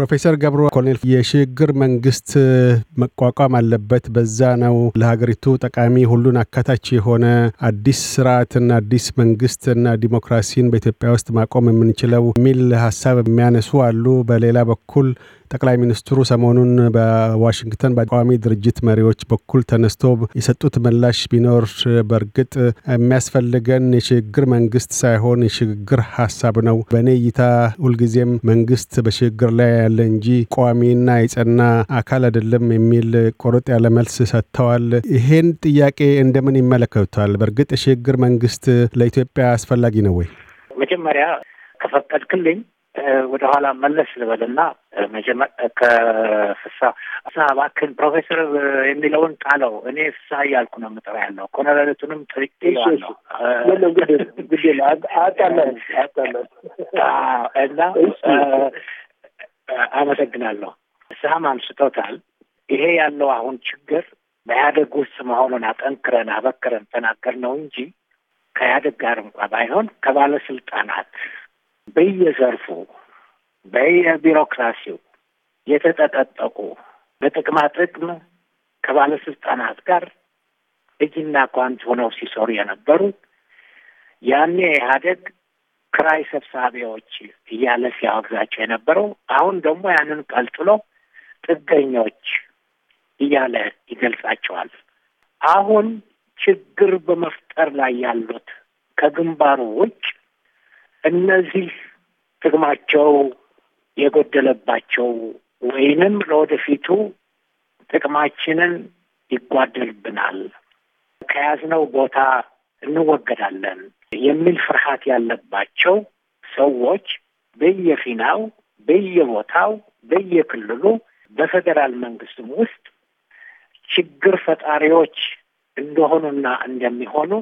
ፕሮፌሰር ገብሩ ኮሎኔል የሽግግር መንግስት መቋቋም አለበት፣ በዛ ነው ለሀገሪቱ ጠቃሚ ሁሉን አካታች የሆነ አዲስ ስርዓትና አዲስ መንግስትና ዲሞክራሲን በኢትዮጵያ ውስጥ ማቆም የምንችለው የሚል ሀሳብ የሚያነሱ አሉ። በሌላ በኩል ጠቅላይ ሚኒስትሩ ሰሞኑን በዋሽንግተን በቋሚ ድርጅት መሪዎች በኩል ተነስቶ የሰጡት ምላሽ ቢኖር በእርግጥ የሚያስፈልገን የሽግግር መንግስት ሳይሆን የሽግግር ሀሳብ ነው። በእኔ እይታ ሁልጊዜም መንግስት በሽግግር ላይ ያለ እንጂ ቋሚና የጸና አካል አይደለም የሚል ቆርጥ ያለ መልስ ሰጥተዋል። ይሄን ጥያቄ እንደምን ይመለከቱታል? በእርግጥ የሽግግር መንግስት ለኢትዮጵያ አስፈላጊ ነው ወይ? መጀመሪያ ከፈቀድክልኝ ወደ ኋላ መለስ ልበልና ከፍሳ ፍስሀ እባክህን ፕሮፌሰር የሚለውን ጣለው። እኔ ፍሳ እያልኩ ነው የምጠራ ያለው ኮነረለቱንም ጥርቄ ያለው አመሰግናለሁ። ፍስሀም አንስቶታል። ይሄ ያለው አሁን ችግር በኢህአደግ ውስጥ መሆኑን አጠንክረን አበክረን ተናገር ነው እንጂ ከኢህአደግ ጋር እንኳ ባይሆን ከባለስልጣናት በየዘርፉ በየቢሮክራሲው የተጠቀጠቁ በጥቅማ ጥቅም ከባለስልጣናት ጋር እጅና ጓንት ሆነው ሲሰሩ የነበሩ ያኔ ኢህአዴግ ክራይ ሰብሳቢዎች እያለ ሲያወግዛቸው የነበረው አሁን ደግሞ ያንን ቀልጥሎ ጥገኞች እያለ ይገልጻቸዋል። አሁን ችግር በመፍጠር ላይ ያሉት ከግንባሩ ውጭ እነዚህ ጥቅማቸው የጎደለባቸው ወይንም ለወደፊቱ ጥቅማችንን ይጓደልብናል፣ ከያዝነው ቦታ እንወገዳለን የሚል ፍርሃት ያለባቸው ሰዎች በየፊናው በየቦታው በየክልሉ በፌዴራል መንግስትም ውስጥ ችግር ፈጣሪዎች እንደሆኑና እንደሚሆኑ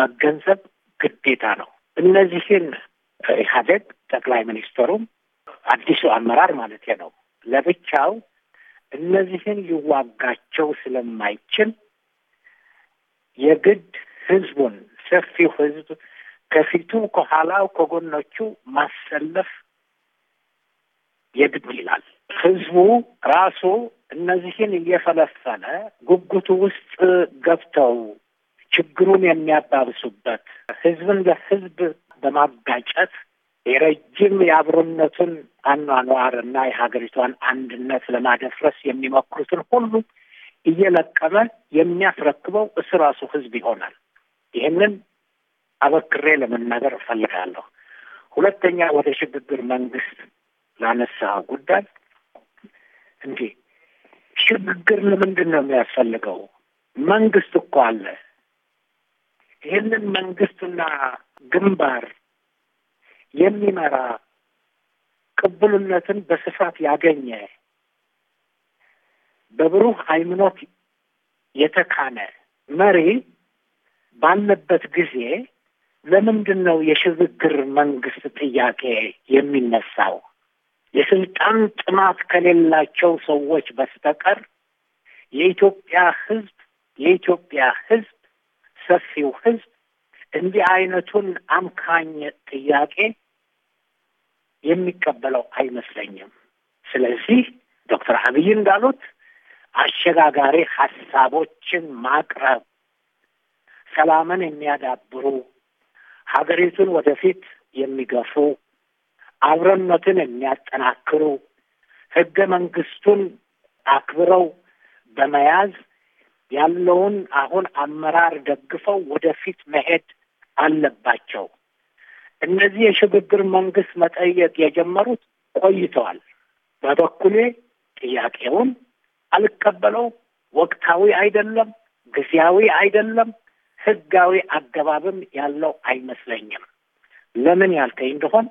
መገንዘብ ግዴታ ነው። እነዚህን ኢህአዴግ ጠቅላይ ሚኒስትሩም አዲሱ አመራር ማለት ነው ለብቻው እነዚህን ሊዋጋቸው ስለማይችል የግድ ህዝቡን ሰፊው ህዝብ ከፊቱ፣ ከኋላው፣ ከጎኖቹ ማሰለፍ የግድ ይላል። ህዝቡ ራሱ እነዚህን እየፈለፈለ ጉጉቱ ውስጥ ገብተው ችግሩን የሚያባብሱበት ህዝብን ለህዝብ በማጋጨት የረጅም የአብሮነትን አኗኗር እና የሀገሪቷን አንድነት ለማደፍረስ የሚሞክሩትን ሁሉ እየለቀመ የሚያስረክበው እሱ ራሱ ህዝብ ይሆናል። ይህንን አበክሬ ለመናገር እፈልጋለሁ። ሁለተኛ ወደ ሽግግር መንግስት ላነሳ ጉዳይ እንዲህ ሽግግር ለምንድን ነው የሚያስፈልገው? መንግስት እኮ አለ። ይህንን መንግስትና ግንባር የሚመራ ቅቡልነትን በስፋት ያገኘ በብሩህ አይምኖት የተካነ መሪ ባለበት ጊዜ ለምንድን ነው የሽግግር መንግስት ጥያቄ የሚነሳው? የስልጣን ጥማት ከሌላቸው ሰዎች በስተቀር የኢትዮጵያ ህዝብ የኢትዮጵያ ህዝብ ሰፊው ህዝብ? እንዲህ አይነቱን አምካኝ ጥያቄ የሚቀበለው አይመስለኝም። ስለዚህ ዶክተር አብይ እንዳሉት አሸጋጋሪ ሀሳቦችን ማቅረብ ሰላምን የሚያዳብሩ ሀገሪቱን ወደፊት የሚገፉ አብረነትን የሚያጠናክሩ ህገ መንግስቱን አክብረው በመያዝ ያለውን አሁን አመራር ደግፈው ወደፊት መሄድ አለባቸው። እነዚህ የሽግግር መንግስት መጠየቅ የጀመሩት ቆይተዋል። በበኩሌ ጥያቄውን አልቀበለው። ወቅታዊ አይደለም፣ ጊዜያዊ አይደለም፣ ህጋዊ አገባብም ያለው አይመስለኝም። ለምን ያልከኝ እንደሆን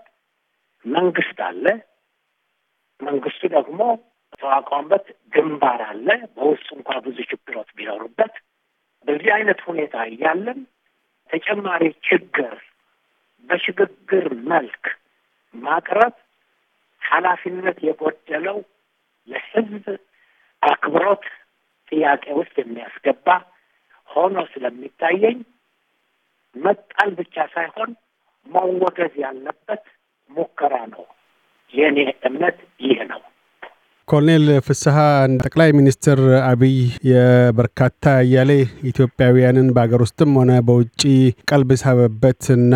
መንግስት አለ። መንግስቱ ደግሞ ተዋቋምበት ግንባር አለ። በውስጡ እንኳ ብዙ ችግሮች ቢኖሩበት በዚህ አይነት ሁኔታ እያለን ተጨማሪ ችግር በሽግግር መልክ ማቅረብ ኃላፊነት የጎደለው ለሕዝብ አክብሮት ጥያቄ ውስጥ የሚያስገባ ሆኖ ስለሚታየኝ መጣል ብቻ ሳይሆን መወገዝ ያለበት ሙከራ ነው። የእኔ እምነት ይህ ነው። ኮሎኔል ፍስሐ ጠቅላይ ሚኒስትር አብይ የበርካታ እያሌ ኢትዮጵያውያንን በሀገር ውስጥም ሆነ በውጭ ቀልብ ሳበበት እና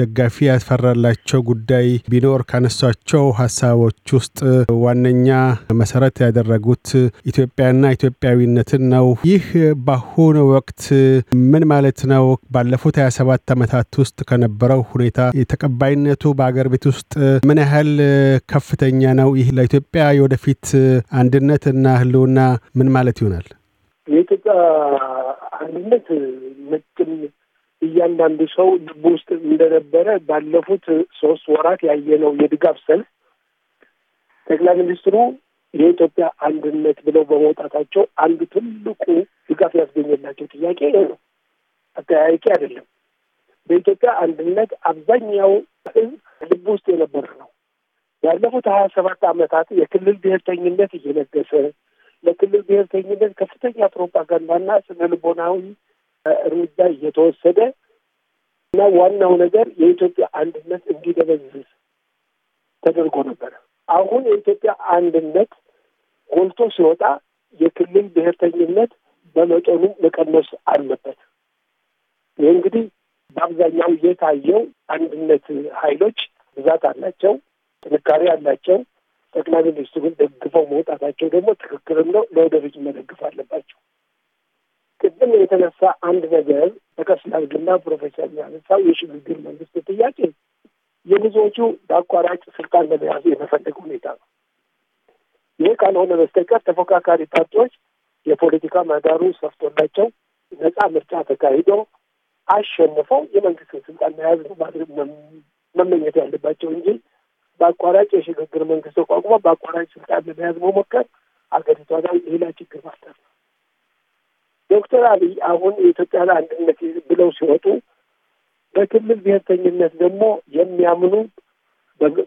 ደጋፊ ያስፈራላቸው ጉዳይ ቢኖር ካነሷቸው ሀሳቦች ውስጥ ዋነኛ መሰረት ያደረጉት ኢትዮጵያና ኢትዮጵያዊነትን ነው። ይህ በአሁኑ ወቅት ምን ማለት ነው? ባለፉት 27 ዓመታት ውስጥ ከነበረው ሁኔታ ተቀባይነቱ በሀገር ቤት ውስጥ ምን ያህል ከፍተኛ ነው? ይህ ለኢትዮጵያ የወደፊት እና ህልውና ምን ማለት ይሆናል? የኢትዮጵያ አንድነት ምቅም እያንዳንዱ ሰው ልቡ ውስጥ እንደነበረ ባለፉት ሶስት ወራት ያየነው የድጋፍ ሰልፍ ጠቅላይ ሚኒስትሩ የኢትዮጵያ አንድነት ብለው በመውጣታቸው አንዱ ትልቁ ድጋፍ ያስገኘላቸው ጥያቄ ይሄ ነው። አጠያያቂ አይደለም። በኢትዮጵያ አንድነት አብዛኛው ህዝብ ልቡ ውስጥ የነበረ ነው። ያለፉት ሀያ ሰባት አመታት የክልል ብሔርተኝነት እየነገሰ ለክልል ብሔርተኝነት ከፍተኛ ፕሮፓጋንዳና ስነልቦናዊ እርምጃ እየተወሰደ እና ዋናው ነገር የኢትዮጵያ አንድነት እንዲደበዝዝ ተደርጎ ነበር። አሁን የኢትዮጵያ አንድነት ጎልቶ ሲወጣ የክልል ብሔርተኝነት በመጠኑ መቀነስ አለበት። ይህ እንግዲህ በአብዛኛው የታየው አንድነት ኃይሎች ብዛት አላቸው። ጥንካሬ ያላቸው ጠቅላይ ሚኒስትሩን ደግፈው መውጣታቸው ደግሞ ትክክልም ነው። ለወደፊት መደግፍ አለባቸው። ቅድም የተነሳ አንድ ነገር ተከስላል ግና ፕሮፌሰር ያነሳው የሽግግር መንግስት ጥያቄ የብዙዎቹ በአቋራጭ ስልጣን ለመያዝ የመፈለግ ሁኔታ ነው። ይህ ካልሆነ በስተቀር ተፎካካሪ ፓርቲዎች የፖለቲካ ምህዳሩ ሰፍቶላቸው ነፃ ምርጫ ተካሂዶ አሸንፈው የመንግስትን ስልጣን መያዝ ማድረግ መመኘት ያለባቸው እንጂ በአቋራጭ የሽግግር መንግስት ተቋቁሞ በአቋራጭ ስልጣን ለመያዝ መሞከር አገሪቷ ጋር ሌላ ችግር ማፍጠር ነው። ዶክተር አብይ አሁን የኢትዮጵያን አንድነት ብለው ሲወጡ በክልል ብሔርተኝነት ደግሞ የሚያምኑ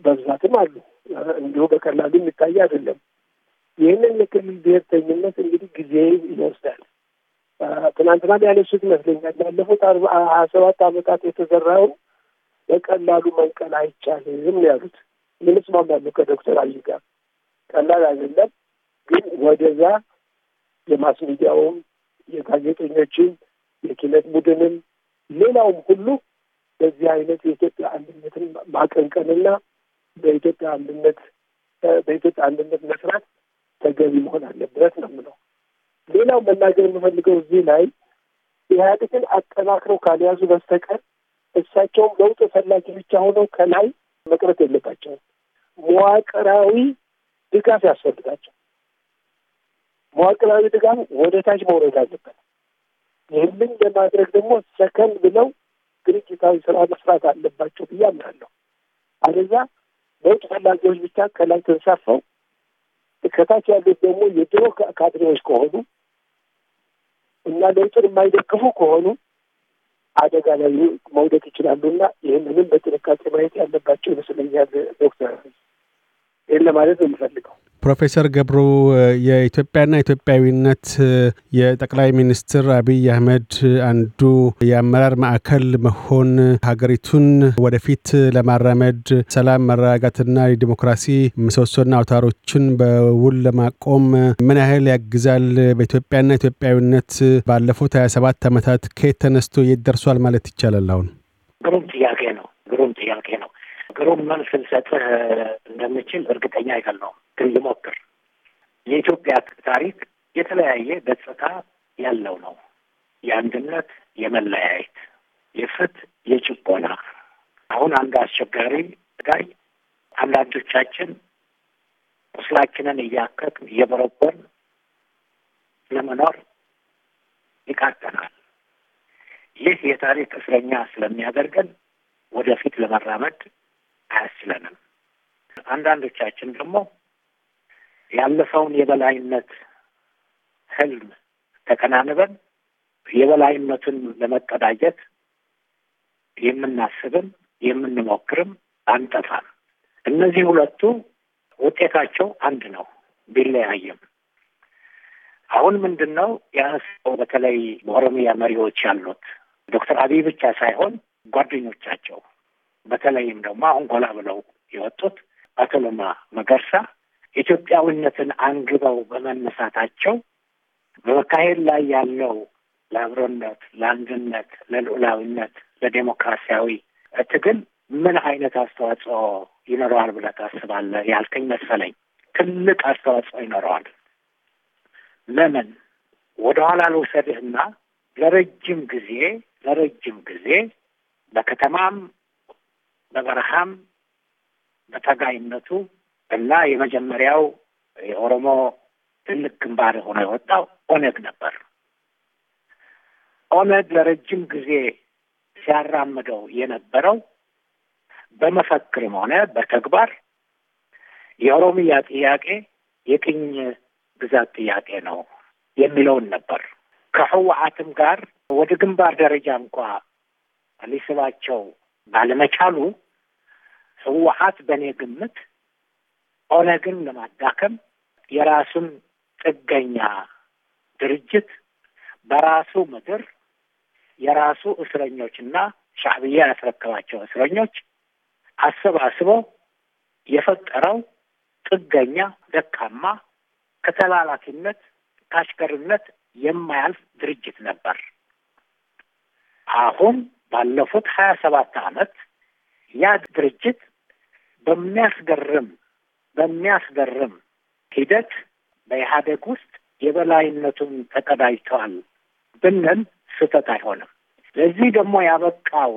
በብዛትም አሉ። እንዲሁ በቀላሉ የሚታይ አይደለም። ይህንን የክልል ብሔርተኝነት እንግዲህ ጊዜ ይወስዳል። ትናንትና ያነሱት ይመስለኛል ላለፉት ሀያ ሰባት ዓመታት የተዘራውን በቀላሉ መንቀል አይቻልም ያሉት ምን እስማማለሁ ከዶክተር አብይ ጋር ቀላል አይደለም። ግን ወደዛ የማስ ሚዲያውም የጋዜጠኞችም የኪነት ቡድንም ሌላውም ሁሉ በዚህ አይነት የኢትዮጵያ አንድነትን ማቀንቀንና በኢትዮጵያ አንድነት በኢትዮጵያ አንድነት መስራት ተገቢ መሆን አለበት ነው ምለው። ሌላው መናገር የምፈልገው እዚህ ላይ ኢህአዴግን አጠናክረው ካልያዙ በስተቀር እሳቸውም ለውጥ ፈላጊ ብቻ ሆነው ከላይ መቅረት የለባቸውም። መዋቅራዊ ድጋፍ ያስፈልጋቸው። መዋቅራዊ ድጋፍ ወደ ታች መውረድ አለበት። ይህንን ለማድረግ ደግሞ ሰከን ብለው ድርጅታዊ ስራ መስራት አለባቸው ብዬ አምናለሁ። አለዚያ ለውጥ ፈላጊዎች ብቻ ከላይ ተንሳፈው ከታች ያሉት ደግሞ የድሮ ካድሬዎች ከሆኑ እና ለውጥን የማይደግፉ ከሆኑ አደጋ ላይ መውደቅ ይችላሉ እና ይህንንም በጥንቃቄ ማየት ያለባቸው ይመስለኛል ዶክተር ይህን ለማለት ነው የምፈልገው። ፕሮፌሰር ገብሩ የኢትዮጵያና ኢትዮጵያዊነት የጠቅላይ ሚኒስትር አብይ አህመድ አንዱ የአመራር ማዕከል መሆን ሀገሪቱን ወደፊት ለማራመድ ሰላም፣ መረጋጋትና የዲሞክራሲ ምሰሶና አውታሮችን በውል ለማቆም ምን ያህል ያግዛል? በኢትዮጵያና ኢትዮጵያዊነት ባለፉት ሀያ ሰባት ዓመታት ከየት ተነስቶ የት ደርሷል ማለት ይቻላል? አሁን ግሩም ጥያቄ ነው። ግሩም ጥያቄ ነው። ግሩም መልስ ልሰጥህ እንደምችል እርግጠኛ አይደለሁም፣ ግን ልሞክር። የኢትዮጵያ ታሪክ የተለያየ ገጽታ ያለው ነው። የአንድነት፣ የመለያየት፣ የፍትህ፣ የጭቆና አሁን አንዱ አስቸጋሪ ጋይ አንዳንዶቻችን ቁስላችንን እያከክን እየበረበር ለመኖር ይቃጠናል። ይህ የታሪክ እስረኛ ስለሚያደርገን ወደፊት ለመራመድ አያስችለንም። አንዳንዶቻችን ደግሞ ያለፈውን የበላይነት ህልም ተከናንበን የበላይነቱን ለመቀዳጀት የምናስብም የምንሞክርም አንጠፋም። እነዚህ ሁለቱ ውጤታቸው አንድ ነው ቢለያይም። አሁን ምንድን ነው ያነሳው በተለይ በኦሮሚያ መሪዎች ያሉት ዶክተር አብይ ብቻ ሳይሆን ጓደኞቻቸው በተለይም ደግሞ አሁን ጎላ ብለው የወጡት አቶ ለማ መገርሳ ኢትዮጵያዊነትን አንግበው በመነሳታቸው በመካሄድ ላይ ያለው ለአብሮነት፣ ለአንድነት፣ ለልዑላዊነት፣ ለዴሞክራሲያዊ ትግል ምን አይነት አስተዋጽኦ ይኖረዋል ብለህ ታስባለህ ያልከኝ መሰለኝ። ትልቅ አስተዋጽኦ ይኖረዋል። ለምን ወደኋላ ልውሰድህና ለረጅም ጊዜ ለረጅም ጊዜ በከተማም በበረሃም በተጋይነቱ እና የመጀመሪያው የኦሮሞ ትልቅ ግንባር ሆኖ የወጣው ኦነግ ነበር። ኦነግ ለረጅም ጊዜ ሲያራምደው የነበረው በመፈክርም ሆነ በተግባር የኦሮሚያ ጥያቄ የቅኝ ግዛት ጥያቄ ነው የሚለውን ነበር። ከህወሓትም ጋር ወደ ግንባር ደረጃ እንኳ ሊስባቸው ባለመቻሉ ህወሀት በእኔ ግምት ኦነግን ለማዳከም የራሱን ጥገኛ ድርጅት በራሱ ምድር የራሱ እስረኞችና ሻዕብያ ያስረከባቸው እስረኞች አሰባስቦ የፈጠረው ጥገኛ ደካማ ከተላላኪነት ከአሽከርነት የማያልፍ ድርጅት ነበር። አሁን ባለፉት ሀያ ሰባት ዓመት ያ ድርጅት በሚያስገርም በሚያስገርም ሂደት በኢህአዴግ ውስጥ የበላይነቱን ተቀዳጅተዋል ብንል ስህተት አይሆንም። ለዚህ ደግሞ ያበቃው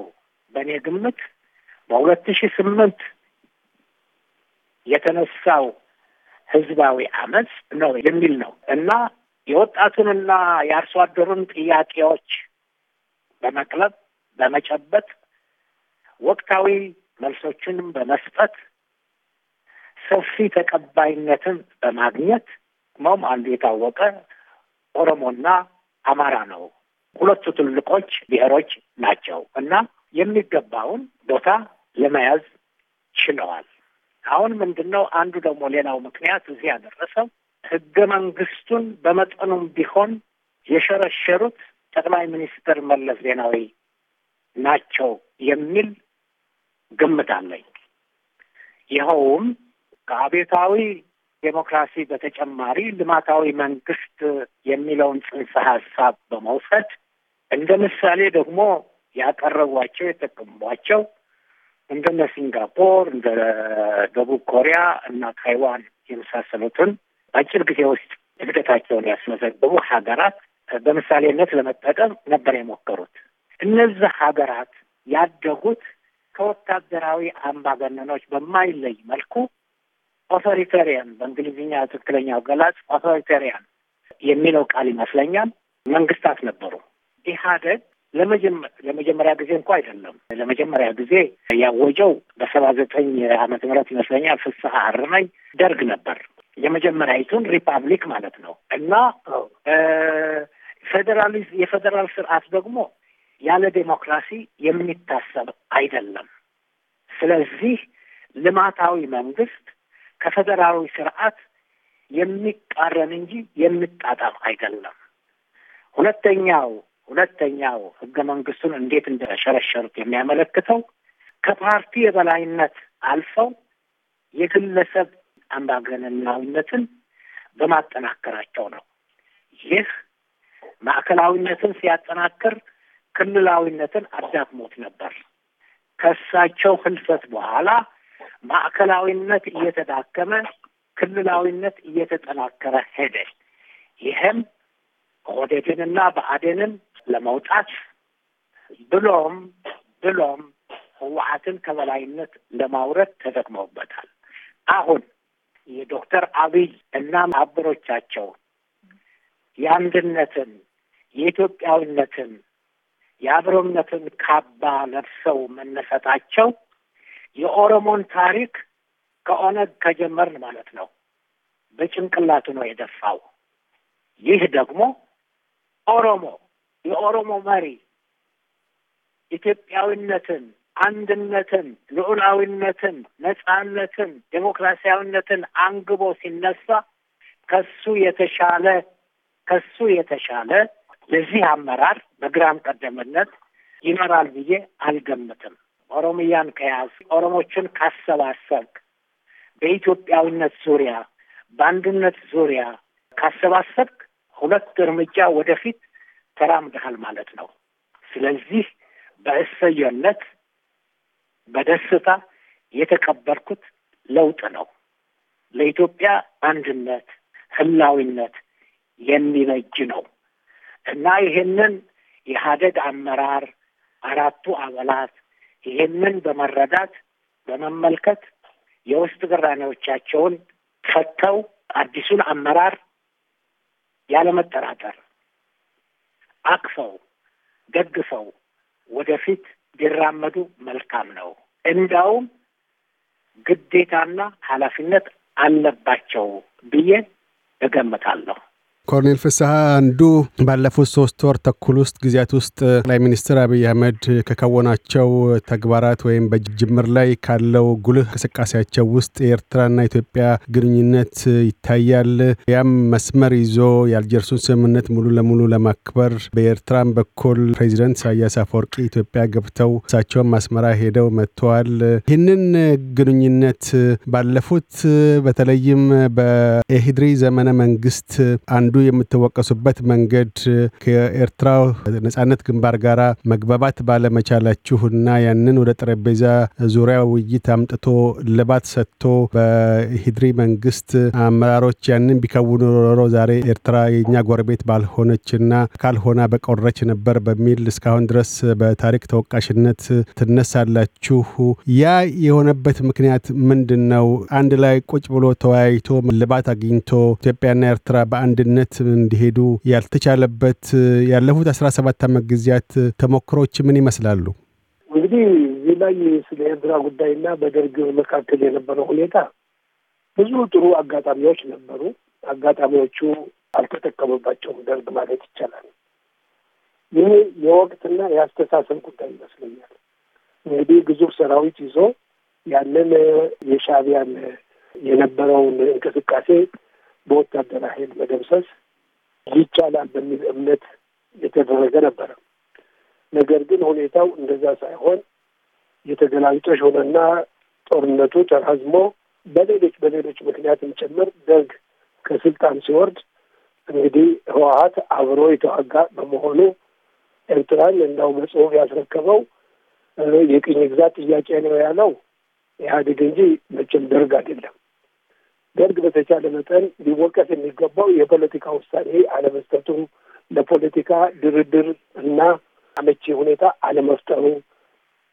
በእኔ ግምት በሁለት ሺ ስምንት የተነሳው ህዝባዊ አመፅ ነው የሚል ነው እና የወጣቱንና የአርሶ አደሩን ጥያቄዎች በመቅለብ በመጨበጥ ወቅታዊ መልሶችንም በመስጠት ሰፊ ተቀባይነትን በማግኘት ሞም አንዱ የታወቀ ኦሮሞና አማራ ነው። ሁለቱ ትልቆች ብሔሮች ናቸው እና የሚገባውን ቦታ ለመያዝ ችለዋል። አሁን ምንድን ነው አንዱ ደግሞ ሌላው ምክንያት እዚህ ያደረሰው ህገ መንግስቱን በመጠኑም ቢሆን የሸረሸሩት ጠቅላይ ሚኒስትር መለስ ዜናዊ ናቸው የሚል ግምት አለኝ። ይኸውም ከአቤታዊ ዴሞክራሲ በተጨማሪ ልማታዊ መንግስት የሚለውን ጽንሰ ሀሳብ በመውሰድ እንደ ምሳሌ ደግሞ ያቀረቧቸው የጠቀሟቸው እንደነ ሲንጋፖር፣ እንደ ደቡብ ኮሪያ እና ታይዋን የመሳሰሉትን በአጭር ጊዜ ውስጥ እድገታቸውን ያስመዘግቡ ሀገራት በምሳሌነት ለመጠቀም ነበር የሞከሩት። እነዚህ ሀገራት ያደጉት ከወታደራዊ አምባገነኖች በማይለይ መልኩ ኦቶሪተሪያን በእንግሊዝኛ ትክክለኛ ገላጽ ኦቶሪተሪያን የሚለው ቃል ይመስለኛል መንግስታት ነበሩ። ኢህአደግ ለመጀመሪያ ጊዜ እንኳ አይደለም። ለመጀመሪያ ጊዜ ያወጀው በሰባ ዘጠኝ ዓመተ ምህረት ይመስለኛል ፍስሐ አርመኝ ደርግ ነበር። የመጀመሪያዊቱን ሪፐብሊክ ማለት ነው እና ፌዴራሊዝ የፌዴራል ስርዓት ደግሞ ያለ ዴሞክራሲ የሚታሰብ አይደለም። ስለዚህ ልማታዊ መንግስት ከፌደራላዊ ስርዓት የሚቃረን እንጂ የሚጣጣም አይደለም። ሁለተኛው ሁለተኛው ህገ መንግስቱን እንዴት እንደሸረሸሩት የሚያመለክተው ከፓርቲ የበላይነት አልፈው የግለሰብ አምባገነናዊነትን በማጠናከራቸው ነው። ይህ ማዕከላዊነትን ሲያጠናክር ክልላዊነትን አዳክሞት ነበር። ከእሳቸው ህልፈት በኋላ ማዕከላዊነት እየተዳከመ ክልላዊነት እየተጠናከረ ሄደ። ይህም ኦህዴድንና ብአዴንን ለመውጣት ብሎም ብሎም ህወሓትን ከበላይነት ለማውረድ ተጠቅመውበታል። አሁን የዶክተር አብይ እና አበሮቻቸው የአንድነትን የኢትዮጵያዊነትን የአብሮነትን ካባ ለብሰው መነሳታቸው የኦሮሞን ታሪክ ከኦነግ ከጀመርን ማለት ነው በጭንቅላቱ ነው የደፋው። ይህ ደግሞ ኦሮሞ የኦሮሞ መሪ ኢትዮጵያዊነትን፣ አንድነትን፣ ልዑላዊነትን፣ ነጻነትን፣ ዴሞክራሲያዊነትን አንግቦ ሲነሳ ከሱ የተሻለ ከሱ የተሻለ የዚህ አመራር በግራም ቀደምነት ይኖራል ብዬ አልገምትም። ኦሮሚያን ከያዝ፣ ኦሮሞችን ካሰባሰብክ፣ በኢትዮጵያዊነት ዙሪያ በአንድነት ዙሪያ ካሰባሰብክ ሁለት እርምጃ ወደፊት ተራምደሃል ማለት ነው። ስለዚህ በእሰየነት በደስታ የተቀበልኩት ለውጥ ነው። ለኢትዮጵያ አንድነት፣ ህላዊነት የሚበጅ ነው። እና ይህንን የሀደግ አመራር አራቱ አባላት ይህንን በመረዳት በመመልከት የውስጥ ቅራኔዎቻቸውን ፈተው አዲሱን አመራር ያለመጠራጠር አቅፈው ደግፈው ወደፊት ቢራመዱ መልካም ነው። እንዳውም ግዴታና ኃላፊነት አለባቸው ብዬ እገምታለሁ። ኮሎኔል ፍስሀ አንዱ ባለፉት ሶስት ወር ተኩል ውስጥ ጊዜያት ውስጥ ጠቅላይ ሚኒስትር አብይ አህመድ ከከወናቸው ተግባራት ወይም በጅምር ላይ ካለው ጉልህ እንቅስቃሴያቸው ውስጥ የኤርትራና ኢትዮጵያ ግንኙነት ይታያል። ያም መስመር ይዞ የአልጀርሱን ስምምነት ሙሉ ለሙሉ ለማክበር በኤርትራም በኩል ፕሬዚደንት ኢሳያስ አፈወርቂ ኢትዮጵያ ገብተው እሳቸውም አስመራ ሄደው መጥተዋል። ይህንን ግንኙነት ባለፉት በተለይም በኤሂድሪ ዘመነ መንግስት አንዱ አንዱ የምትወቀሱበት መንገድ ከኤርትራ ነጻነት ግንባር ጋር መግባባት ባለመቻላችሁ እና ያንን ወደ ጠረጴዛ ዙሪያ ውይይት አምጥቶ ልባት ሰጥቶ በሂድሪ መንግስት አመራሮች ያንን ቢከውኑ ኖሮ ዛሬ ኤርትራ የኛ ጎረቤት ባልሆነች እና ካልሆና በቆረች ነበር በሚል እስካሁን ድረስ በታሪክ ተወቃሽነት ትነሳላችሁ። ያ የሆነበት ምክንያት ምንድን ነው? አንድ ላይ ቁጭ ብሎ ተወያይቶ ልባት አግኝቶ ኢትዮጵያና ኤርትራ በአንድነት በቀጣይነት እንዲሄዱ ያልተቻለበት ያለፉት አስራ ሰባት አመት ጊዜያት ተሞክሮች ምን ይመስላሉ? እንግዲህ እዚህ ላይ ስለ ኤርትራ ጉዳይና በደርግ መካከል የነበረው ሁኔታ ብዙ ጥሩ አጋጣሚዎች ነበሩ። አጋጣሚዎቹ አልተጠቀሙባቸውም ደርግ ማለት ይቻላል። ይህ የወቅትና የአስተሳሰብ ጉዳይ ይመስለኛል። እንግዲህ ግዙፍ ሰራዊት ይዞ ያንን የሻቢያን የነበረውን እንቅስቃሴ በወታደራዊ ኃይል መደምሰስ ይቻላል በሚል እምነት የተደረገ ነበረ። ነገር ግን ሁኔታው እንደዛ ሳይሆን የተገላቢጦሽ ሆነና ጦርነቱ ተራዝሞ በሌሎች በሌሎች ምክንያትም ጭምር ደርግ ከስልጣን ሲወርድ እንግዲህ ህወሀት አብሮ የተዋጋ በመሆኑ ኤርትራን እንዳው መጽሁፍ ያስረከበው የቅኝ ግዛት ጥያቄ ነው ያለው ኢህአዴግ እንጂ መቼም ደርግ አይደለም። ደርግ በተቻለ መጠን ሊወቀስ የሚገባው የፖለቲካ ውሳኔ አለመስጠቱ፣ ለፖለቲካ ድርድር እና አመቺ ሁኔታ አለመፍጠሩ።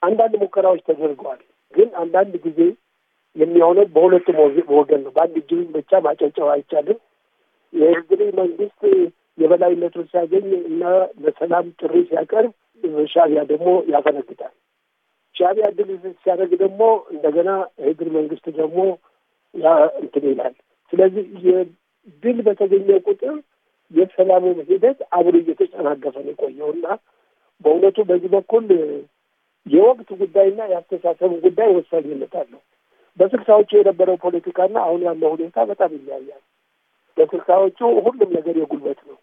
አንዳንድ ሙከራዎች ተደርገዋል። ግን አንዳንድ ጊዜ የሚሆነው በሁለቱም ወገን ነው። በአንድ እጅ ብቻ ማጨብጨብ አይቻልም። የእንግዲህ መንግስት የበላይነቱን ሲያገኝ እና ለሰላም ጥሪ ሲያቀርብ ሻቢያ ደግሞ ያፈነግጣል። ሻቢያ ድል ሲያደርግ ደግሞ እንደገና የእግር መንግስት ደግሞ ያ እንትን ይላል። ስለዚህ የድል በተገኘ ቁጥር የሰላሙ ሂደት አብሮ እየተጨናገፈ ነው የቆየው እና በእውነቱ በዚህ በኩል የወቅት ጉዳይና የአስተሳሰቡ ጉዳይ ወሳኝነት አለው። በስልሳዎቹ የነበረው ፖለቲካና አሁን ያለው ሁኔታ በጣም ይለያያል። በስልሳዎቹ ሁሉም ነገር የጉልበት ነው።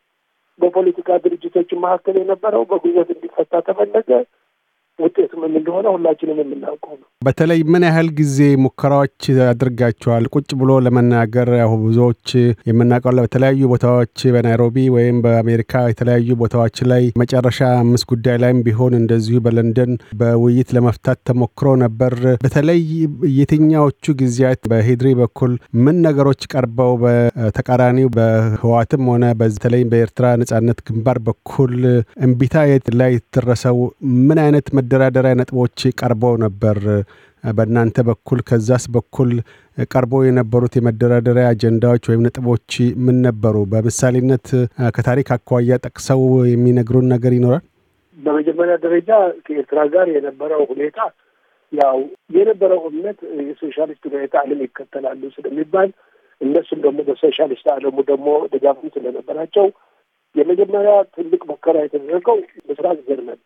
በፖለቲካ ድርጅቶች መካከል የነበረው በጉልበት እንዲፈታ ተፈለገ። ውጤቱም እንደሆነ ሁላችንም የምናውቀው ነው። በተለይ ምን ያህል ጊዜ ሙከራዎች አድርጋቸዋል ቁጭ ብሎ ለመናገር ያው ብዙዎች የምናውቀው በተለያዩ ቦታዎች በናይሮቢ ወይም በአሜሪካ የተለያዩ ቦታዎች ላይ መጨረሻ አምስት ጉዳይ ላይም ቢሆን እንደዚሁ በለንደን በውይይት ለመፍታት ተሞክሮ ነበር። በተለይ የትኛዎቹ ጊዜያት በሂድሪ በኩል ምን ነገሮች ቀርበው በተቃራኒው በህዋትም ሆነ በተለይም በኤርትራ ነጻነት ግንባር በኩል እምቢታ ላይ የተደረሰው ምን አይነት መደራደሪያ ነጥቦች ቀርበው ነበር በእናንተ በኩል? ከዛስ በኩል ቀርበው የነበሩት የመደራደሪያ አጀንዳዎች ወይም ነጥቦች ምን ነበሩ? በምሳሌነት ከታሪክ አኳያ ጠቅሰው የሚነግሩን ነገር ይኖራል? በመጀመሪያ ደረጃ ከኤርትራ ጋር የነበረው ሁኔታ ያው የነበረው እምነት የሶሻሊስት ሁኔታ አለም ይከተላሉ ስለሚባል እነሱም ደግሞ በሶሻሊስት አለሙ ደግሞ ደጋፊ ስለነበራቸው የመጀመሪያ ትልቅ ሙከራ የተደረገው ምስራቅ ጀርመን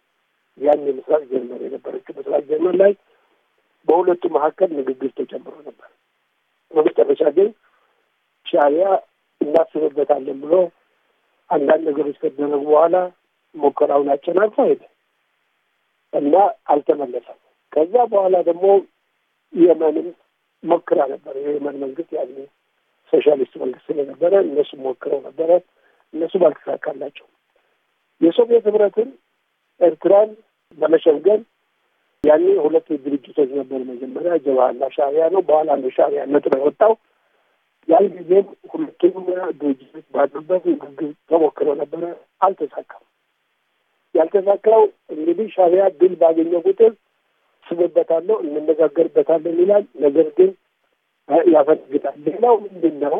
ያን የምስራቅ ጀርመን የነበረችው ምስራቅ ጀርመን ላይ በሁለቱ መካከል ንግግር ተጨምሮ ነበር። በመጨረሻ ግን ሻዕቢያ እናስብበታለን ብሎ አንዳንድ ነገሮች ከደረጉ በኋላ ሞከራውን አጨናቅፎ ሄደ እና አልተመለሰም። ከዛ በኋላ ደግሞ የመንም ሞክራ ነበረ። የየመን መንግስት ያ ሶሻሊስት መንግስት ስለነበረ እነሱ ሞክረው ነበረ። እነሱ ባልተሳካላቸው የሶቪየት ህብረትን ኤርትራን ለመሸምገል ያኔ ሁለት ድርጅቶች ነበሩ። መጀመሪያ ጀብሃና ሻዕቢያ ነው። በኋላ ነው ሻዕቢያነት ነው የወጣው። ያን ጊዜም ሁለቱም ድርጅቶች ባሉበት ንግግር ተሞክረው ነበረ፣ አልተሳካም። ያልተሳካው እንግዲህ ሻዕቢያ ድል ባገኘው ቁጥር ስምበታለሁ፣ እንነጋገርበታለን ይላል። ነገር ግን ያፈነግጣል። ሌላው ምንድን ነው?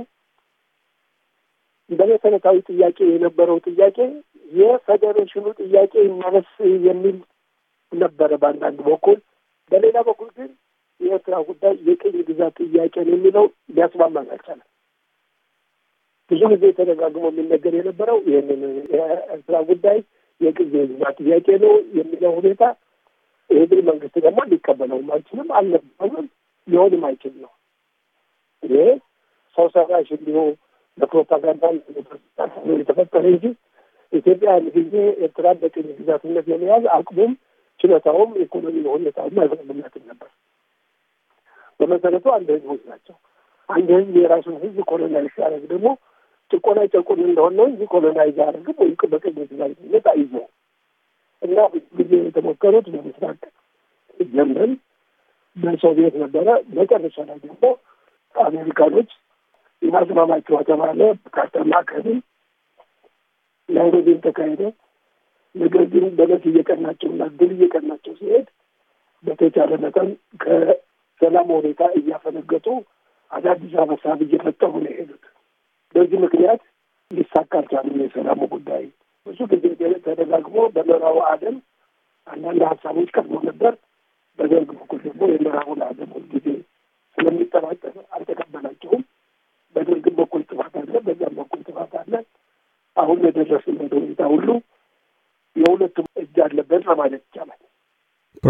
በመሰረታዊ ጥያቄ የነበረው ጥያቄ የፌዴሬሽኑ ጥያቄ ይመለስ የሚል ነበረ በአንዳንድ በኩል፣ በሌላ በኩል ግን የኤርትራ ጉዳይ የቅኝ ግዛት ጥያቄ ነው የሚለው ሊያስማማ አልቻለም። ብዙ ጊዜ ተደጋግሞ የሚነገር የነበረው ይህንን የኤርትራ ጉዳይ የቅኝ ግዛት ጥያቄ ነው የሚለው ሁኔታ የኢህአዴግ መንግስት ደግሞ ሊቀበለውም አይችልም፣ አልነበረም፣ ሊሆንም አይችል ነው። ይሄ ሰው ሰራሽ እንዲሁ በፕሮፓጋንዳ የተፈጠረ እንጂ ኢትዮጵያ አንድ ጊዜ ኤርትራን በቅኝ ግዛትነት የመያዝ አቅሙም ችሎታውም ኢኮኖሚ ሁኔታውም አይፈቅድላትም ነበር። በመሰረቱ አንድ ህዝቦች ናቸው። አንድ ህዝብ የራሱን ህዝብ ኮሎናይዝ ሲያደርግ ደግሞ ጭቆና ጨቁን እንደሆነ እንጂ ኮሎናይዝ አያደርግም ወይም በቅኝ ግዛትነት አይዞ እና ጊዜ የተሞከሩት በምስራቅ ጀርመን በሶቪየት ነበረ። መጨረሻ ላይ ደግሞ አሜሪካኖች እናስማማቸው ተባለ። ካተማ ከዚህ ናይሮቢን ተካሄደ። ነገር ግን እየቀናቸው እየቀናቸውና ድል እየቀናቸው ሲሄድ በተቻለ መጠን ከሰላም ሁኔታ እያፈነገጡ አዳዲስ አበሳብ እየፈጠሩ ነው የሄዱት። በዚህ ምክንያት ሊሳካ አልቻለም። የሰላሙ ጉዳይ ብዙ ጊዜ ተደጋግሞ በምዕራቡ ዓለም አንዳንድ ሀሳቦች ቀድሞ ነበር። በደርግ በኩል ደግሞ የምዕራቡን ዓለም ሁልጊዜ ስለሚጠራጠር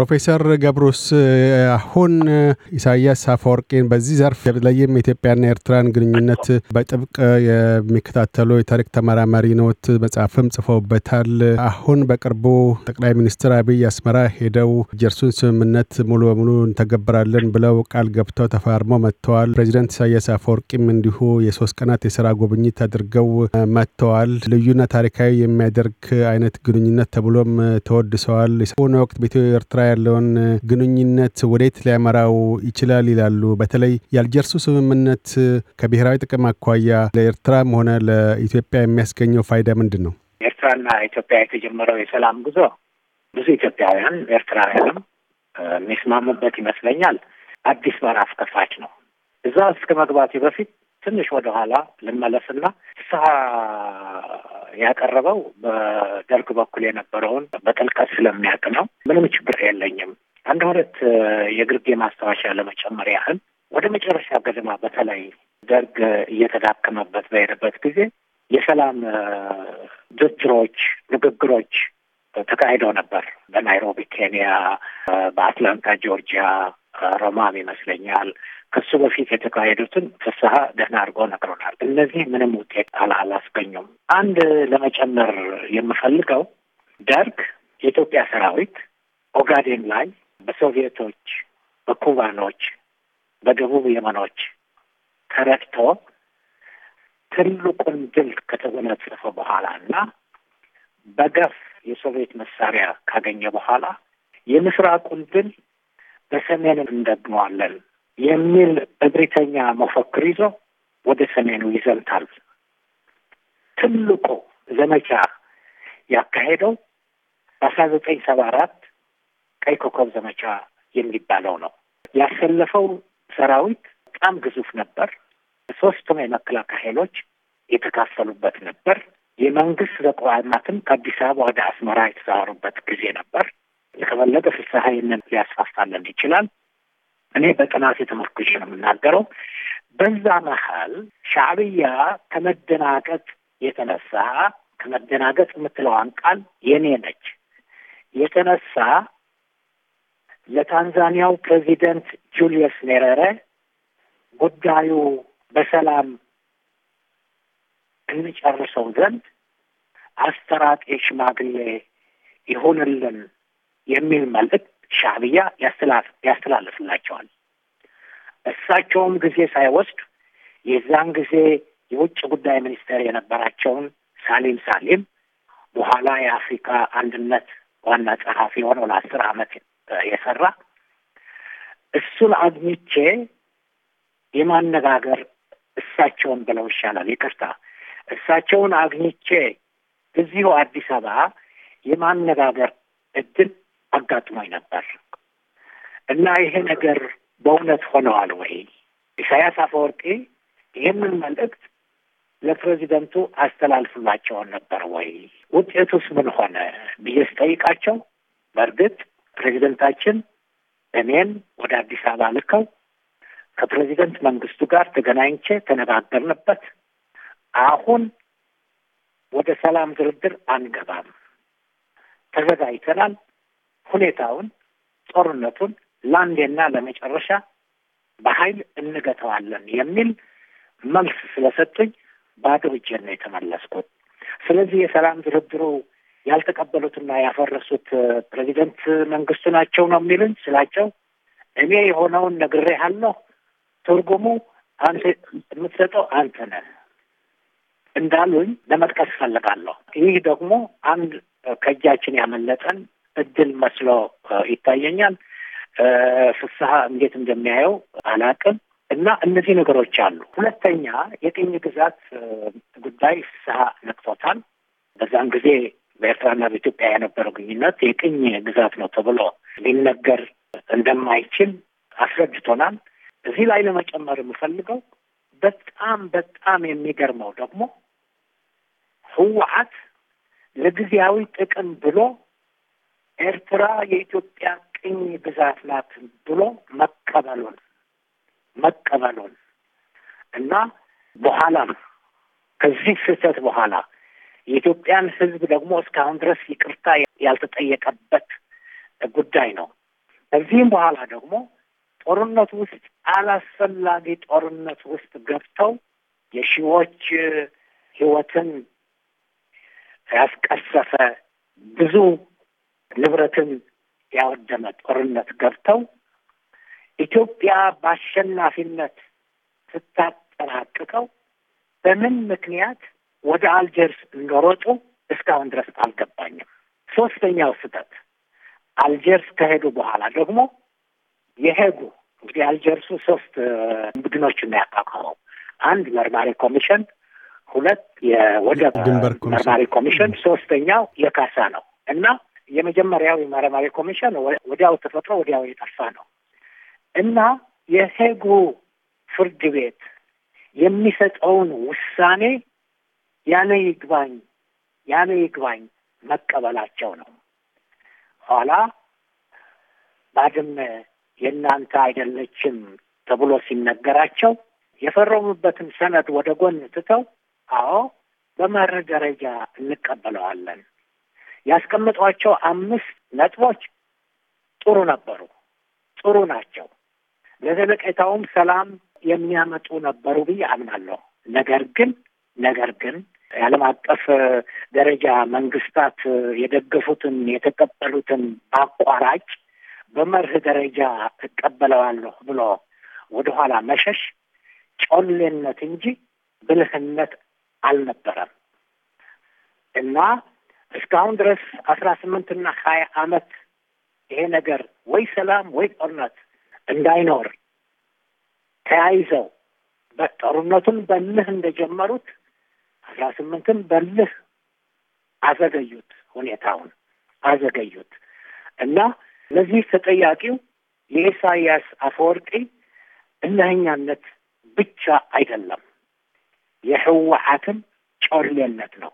ፕሮፌሰር ገብሩስ አሁን ኢሳያስ አፈወርቂን በዚህ ዘርፍ በተለይም የኢትዮጵያና ኤርትራን ግንኙነት በጥብቅ የሚከታተሉ የታሪክ ተመራማሪ ነዎት፣ መጽሐፍም ጽፈውበታል። አሁን በቅርቡ ጠቅላይ ሚኒስትር አብይ አስመራ ሄደው ጀርሱን ስምምነት ሙሉ በሙሉ እንተገብራለን ብለው ቃል ገብተው ተፈራርመው መጥተዋል። ፕሬዚደንት ኢሳያስ አፈወርቂም እንዲሁ የሶስት ቀናት የስራ ጉብኝት አድርገው መጥተዋል። ልዩና ታሪካዊ የሚያደርግ አይነት ግንኙነት ተብሎም ተወድሰዋል። ሆነ ወቅት በኢትዮ ኤርትራ ያለውን ግንኙነት ወዴት ሊያመራው ይችላል ይላሉ? በተለይ የአልጀርሱ ስምምነት ከብሔራዊ ጥቅም አኳያ ለኤርትራም ሆነ ለኢትዮጵያ የሚያስገኘው ፋይዳ ምንድን ነው? ኤርትራና ኢትዮጵያ የተጀመረው የሰላም ጉዞ ብዙ ኢትዮጵያውያን ኤርትራውያንም የሚስማሙበት ይመስለኛል። አዲስ ምዕራፍ ከፋች ነው። እዛ እስከ መግባቴ በፊት ትንሽ ወደኋላ ልመለስና ፍስሀ ያቀረበው በደርግ በኩል የነበረውን በጥልቀት ስለሚያውቅ ነው። ምንም ችግር የለኝም። አንድ ሁለት የግርጌ ማስታወሻ ለመጨመር ያህል ወደ መጨረሻ ገደማ በተለይ ደርግ እየተዳከመበት በሄደበት ጊዜ የሰላም ድርድሮች፣ ንግግሮች ተካሂደው ነበር። በናይሮቢ ኬንያ፣ በአትላንታ ጆርጂያ፣ ረማም ይመስለኛል ከሱ በፊት የተካሄዱትን ፍስሀ ደህና አድርጎ ነግሮናል። እነዚህ ምንም ውጤት አላስገኙም። አንድ ለመጨመር የምፈልገው ደርግ የኢትዮጵያ ሰራዊት ኦጋዴን ላይ በሶቪየቶች፣ በኩባኖች፣ በደቡብ የመኖች ተረድቶ ትልቁን ድል ከተጎናጸፈ በኋላ እና በገፍ የሶቪየት መሳሪያ ካገኘ በኋላ የምስራቁን ድል በሰሜን እንደግመዋለን የሚል እብሪተኛ መፈክር ይዞ ወደ ሰሜኑ ይዘምታል። ትልቁ ዘመቻ ያካሄደው በአስራ ዘጠኝ ሰባ አራት ቀይ ኮከብ ዘመቻ የሚባለው ነው። ያሰለፈው ሰራዊት በጣም ግዙፍ ነበር። ሶስቱም የመከላከያ ኃይሎች የተካፈሉበት ነበር። የመንግስት ተቋማትም ከአዲስ አበባ ወደ አስመራ የተዛወሩበት ጊዜ ነበር። የተበለጠ ፍስሀ ይህንን ሊያስፋፋለን ይችላል። እኔ በጥናት የተመርኩች ነው የምናገረው። በዛ መሀል ሻዕብያ ከመደናገጥ የተነሳ ከመደናገጥ የምትለዋን ቃል የኔ ነች የተነሳ ለታንዛኒያው ፕሬዚደንት ጁልየስ ኔረረ ጉዳዩ በሰላም እንጨርሰው ዘንድ አስተራቂ ሽማግሌ ይሁንልን የሚል መልእክት ሻብያ ያስተላልፍላቸዋል። እሳቸውም ጊዜ ሳይወስድ የዛን ጊዜ የውጭ ጉዳይ ሚኒስቴር የነበራቸውን ሳሊም ሳሊም በኋላ የአፍሪካ አንድነት ዋና ጸሐፊ የሆነው ለአስር ዓመት የሰራ እሱን አግኝቼ የማነጋገር እሳቸውን ብለው ይሻላል፣ ይቅርታ፣ እሳቸውን አግኝቼ እዚሁ አዲስ አበባ የማነጋገር እድል አጋጥሞኝ ነበር እና ይሄ ነገር በእውነት ሆነዋል ወይ? ኢሳያስ አፈወርቂ ይህንን መልእክት ለፕሬዚደንቱ አስተላልፍላቸውን ነበር ወይ? ውጤቱስ ምን ሆነ ብዬ ስጠይቃቸው በእርግጥ ፕሬዚደንታችን እኔን ወደ አዲስ አበባ ልከው ከፕሬዚደንት መንግስቱ ጋር ተገናኝቼ ተነጋገርንበት። አሁን ወደ ሰላም ድርድር አንገባም፣ ተዘጋጅተናል፣ ሁኔታውን፣ ጦርነቱን ለአንዴና ለመጨረሻ በኃይል እንገተዋለን የሚል መልስ ስለሰጡኝ ባዶ እጄን ነው የተመለስኩት። ስለዚህ የሰላም ድርድሩ ያልተቀበሉትና ያፈረሱት ፕሬዚደንት መንግስቱ ናቸው ነው የሚሉኝ ስላቸው እኔ የሆነውን ነግሬሃለሁ፣ ትርጉሙ አንተ የምትሰጠው አንተ ነህ እንዳሉኝ ለመጥቀስ እፈልጋለሁ። ይህ ደግሞ አንድ ከእጃችን ያመለጠን እድል መስሎ ይታየኛል። ፍስሀ እንዴት እንደሚያየው አላቅም እና እነዚህ ነገሮች አሉ። ሁለተኛ የቅኝ ግዛት ጉዳይ ፍስሀ ነቅቶታል። በዛን ጊዜ በኤርትራና በኢትዮጵያ የነበረው ግንኙነት የቅኝ ግዛት ነው ተብሎ ሊነገር እንደማይችል አስረድቶናል። እዚህ ላይ ለመጨመር የምፈልገው በጣም በጣም የሚገርመው ደግሞ ህወሀት ለጊዜያዊ ጥቅም ብሎ ኤርትራ የኢትዮጵያ ቅኝ ግዛት ናት ብሎ መቀበሉን መቀበሉን እና በኋላም ከዚህ ስህተት በኋላ የኢትዮጵያን ሕዝብ ደግሞ እስካሁን ድረስ ይቅርታ ያልተጠየቀበት ጉዳይ ነው። ከዚህም በኋላ ደግሞ ጦርነት ውስጥ አላስፈላጊ ጦርነት ውስጥ ገብተው የሺዎች ህይወትን ያስቀሰፈ ብዙ ንብረትን ያወደመ ጦርነት ገብተው ኢትዮጵያ በአሸናፊነት ስታጠናቅቀው በምን ምክንያት ወደ አልጀርስ እንደሮጡ እስካሁን ድረስ አልገባኝም። ሶስተኛው ስህተት አልጀርስ ከሄዱ በኋላ ደግሞ የሄጉ እንግዲህ አልጀርሱ ሶስት ቡድኖችን ያቋቋመው አንድ መርማሪ ኮሚሽን፣ ሁለት የወደብ መርማሪ ኮሚሽን፣ ሶስተኛው የካሳ ነው እና የመጀመሪያው የመርማሪ ኮሚሽን ወዲያው ተፈጥሮ ወዲያው የጠፋ ነው እና የሄጉ ፍርድ ቤት የሚሰጠውን ውሳኔ ያለ ይግባኝ ያለ ይግባኝ መቀበላቸው ነው። ኋላ ባድመ የእናንተ አይደለችም ተብሎ ሲነገራቸው የፈረሙበትን ሰነድ ወደ ጎን ትተው አዎ በመርህ ደረጃ እንቀበለዋለን ያስቀመጧቸው አምስት ነጥቦች ጥሩ ነበሩ፣ ጥሩ ናቸው። ለዘለቄታውም ሰላም የሚያመጡ ነበሩ ብዬ አምናለሁ። ነገር ግን ነገር ግን የዓለም አቀፍ ደረጃ መንግስታት የደገፉትን የተቀበሉትን አቋራጭ በመርህ ደረጃ እቀበለዋለሁ ብሎ ወደኋላ መሸሽ ጮሌነት እንጂ ብልህነት አልነበረም እና እስካሁን ድረስ አስራ ስምንትና ሀያ አመት ይሄ ነገር ወይ ሰላም ወይ ጦርነት እንዳይኖር ተያይዘው በጦርነቱን በልህ እንደጀመሩት አስራ ስምንትም በልህ አዘገዩት፣ ሁኔታውን አዘገዩት እና ለዚህ ተጠያቂው የኢሳያስ አፈወርቂ እልህኛነት ብቻ አይደለም፣ የህወሓትም ጮሌነት ነው።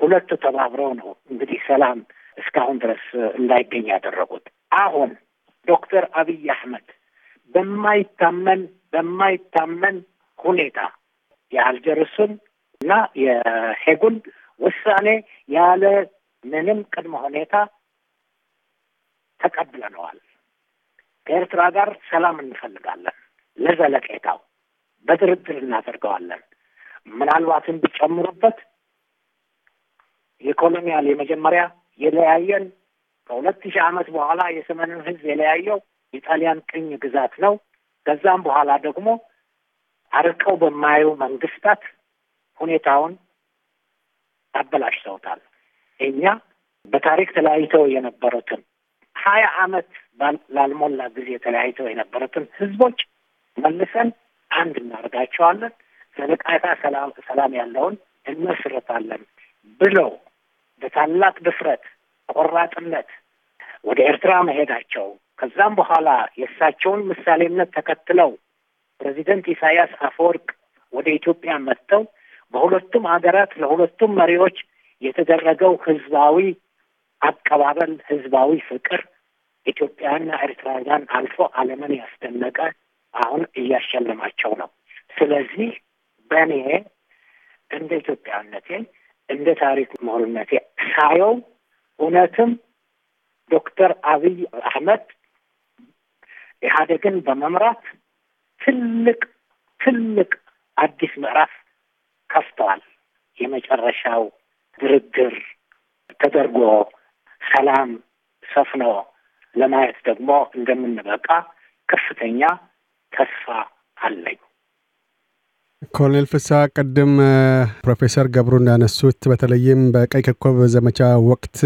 ሁለቱ ተባብረው ነው እንግዲህ ሰላም እስካሁን ድረስ እንዳይገኝ ያደረጉት። አሁን ዶክተር አብይ አህመድ በማይታመን በማይታመን ሁኔታ የአልጀርሱን እና የሄጉን ውሳኔ ያለ ምንም ቅድመ ሁኔታ ተቀብለነዋል። ከኤርትራ ጋር ሰላም እንፈልጋለን፣ ለዘለቄታው በድርድር እናደርገዋለን፣ ምናልባትም ቢጨምሩበት የኮሎኒያል የመጀመሪያ የለያየን ከሁለት ሺህ ዓመት በኋላ የሰሜንን ህዝብ የለያየው የጣሊያን ቅኝ ግዛት ነው። ከዛም በኋላ ደግሞ አርቀው በማዩ መንግስታት ሁኔታውን አበላሽተውታል። እኛ በታሪክ ተለያይተው የነበሩትን ሀያ ዓመት ላልሞላ ጊዜ ተለያይተው የነበሩትን ህዝቦች መልሰን አንድ እናደርጋቸዋለን፣ ዘለቃታ ሰላም ያለውን እንመስረታለን ብለው በታላቅ ድፍረት ቆራጥነት ወደ ኤርትራ መሄዳቸው ከዛም በኋላ የእሳቸውን ምሳሌነት ተከትለው ፕሬዚደንት ኢሳያስ አፈወርቅ ወደ ኢትዮጵያ መጥተው በሁለቱም ሀገራት ለሁለቱም መሪዎች የተደረገው ህዝባዊ አቀባበል፣ ህዝባዊ ፍቅር ኢትዮጵያና ኤርትራውያን አልፎ ዓለምን ያስደነቀ አሁን እያሸለማቸው ነው። ስለዚህ በእኔ እንደ ኢትዮጵያነቴ እንደ ታሪክ ምሁርነቴ ሳየው እውነትም ዶክተር አብይ አህመድ ኢህአዴግን በመምራት ትልቅ ትልቅ አዲስ ምዕራፍ ከፍተዋል። የመጨረሻው ድርድር ተደርጎ ሰላም ሰፍኖ ለማየት ደግሞ እንደምንበቃ ከፍተኛ ተስፋ አለኝ። ኮሎኔል ፍሳ ቅድም ፕሮፌሰር ገብሩ እንዳነሱት በተለይም በቀይ ኮከብ ዘመቻ ወቅት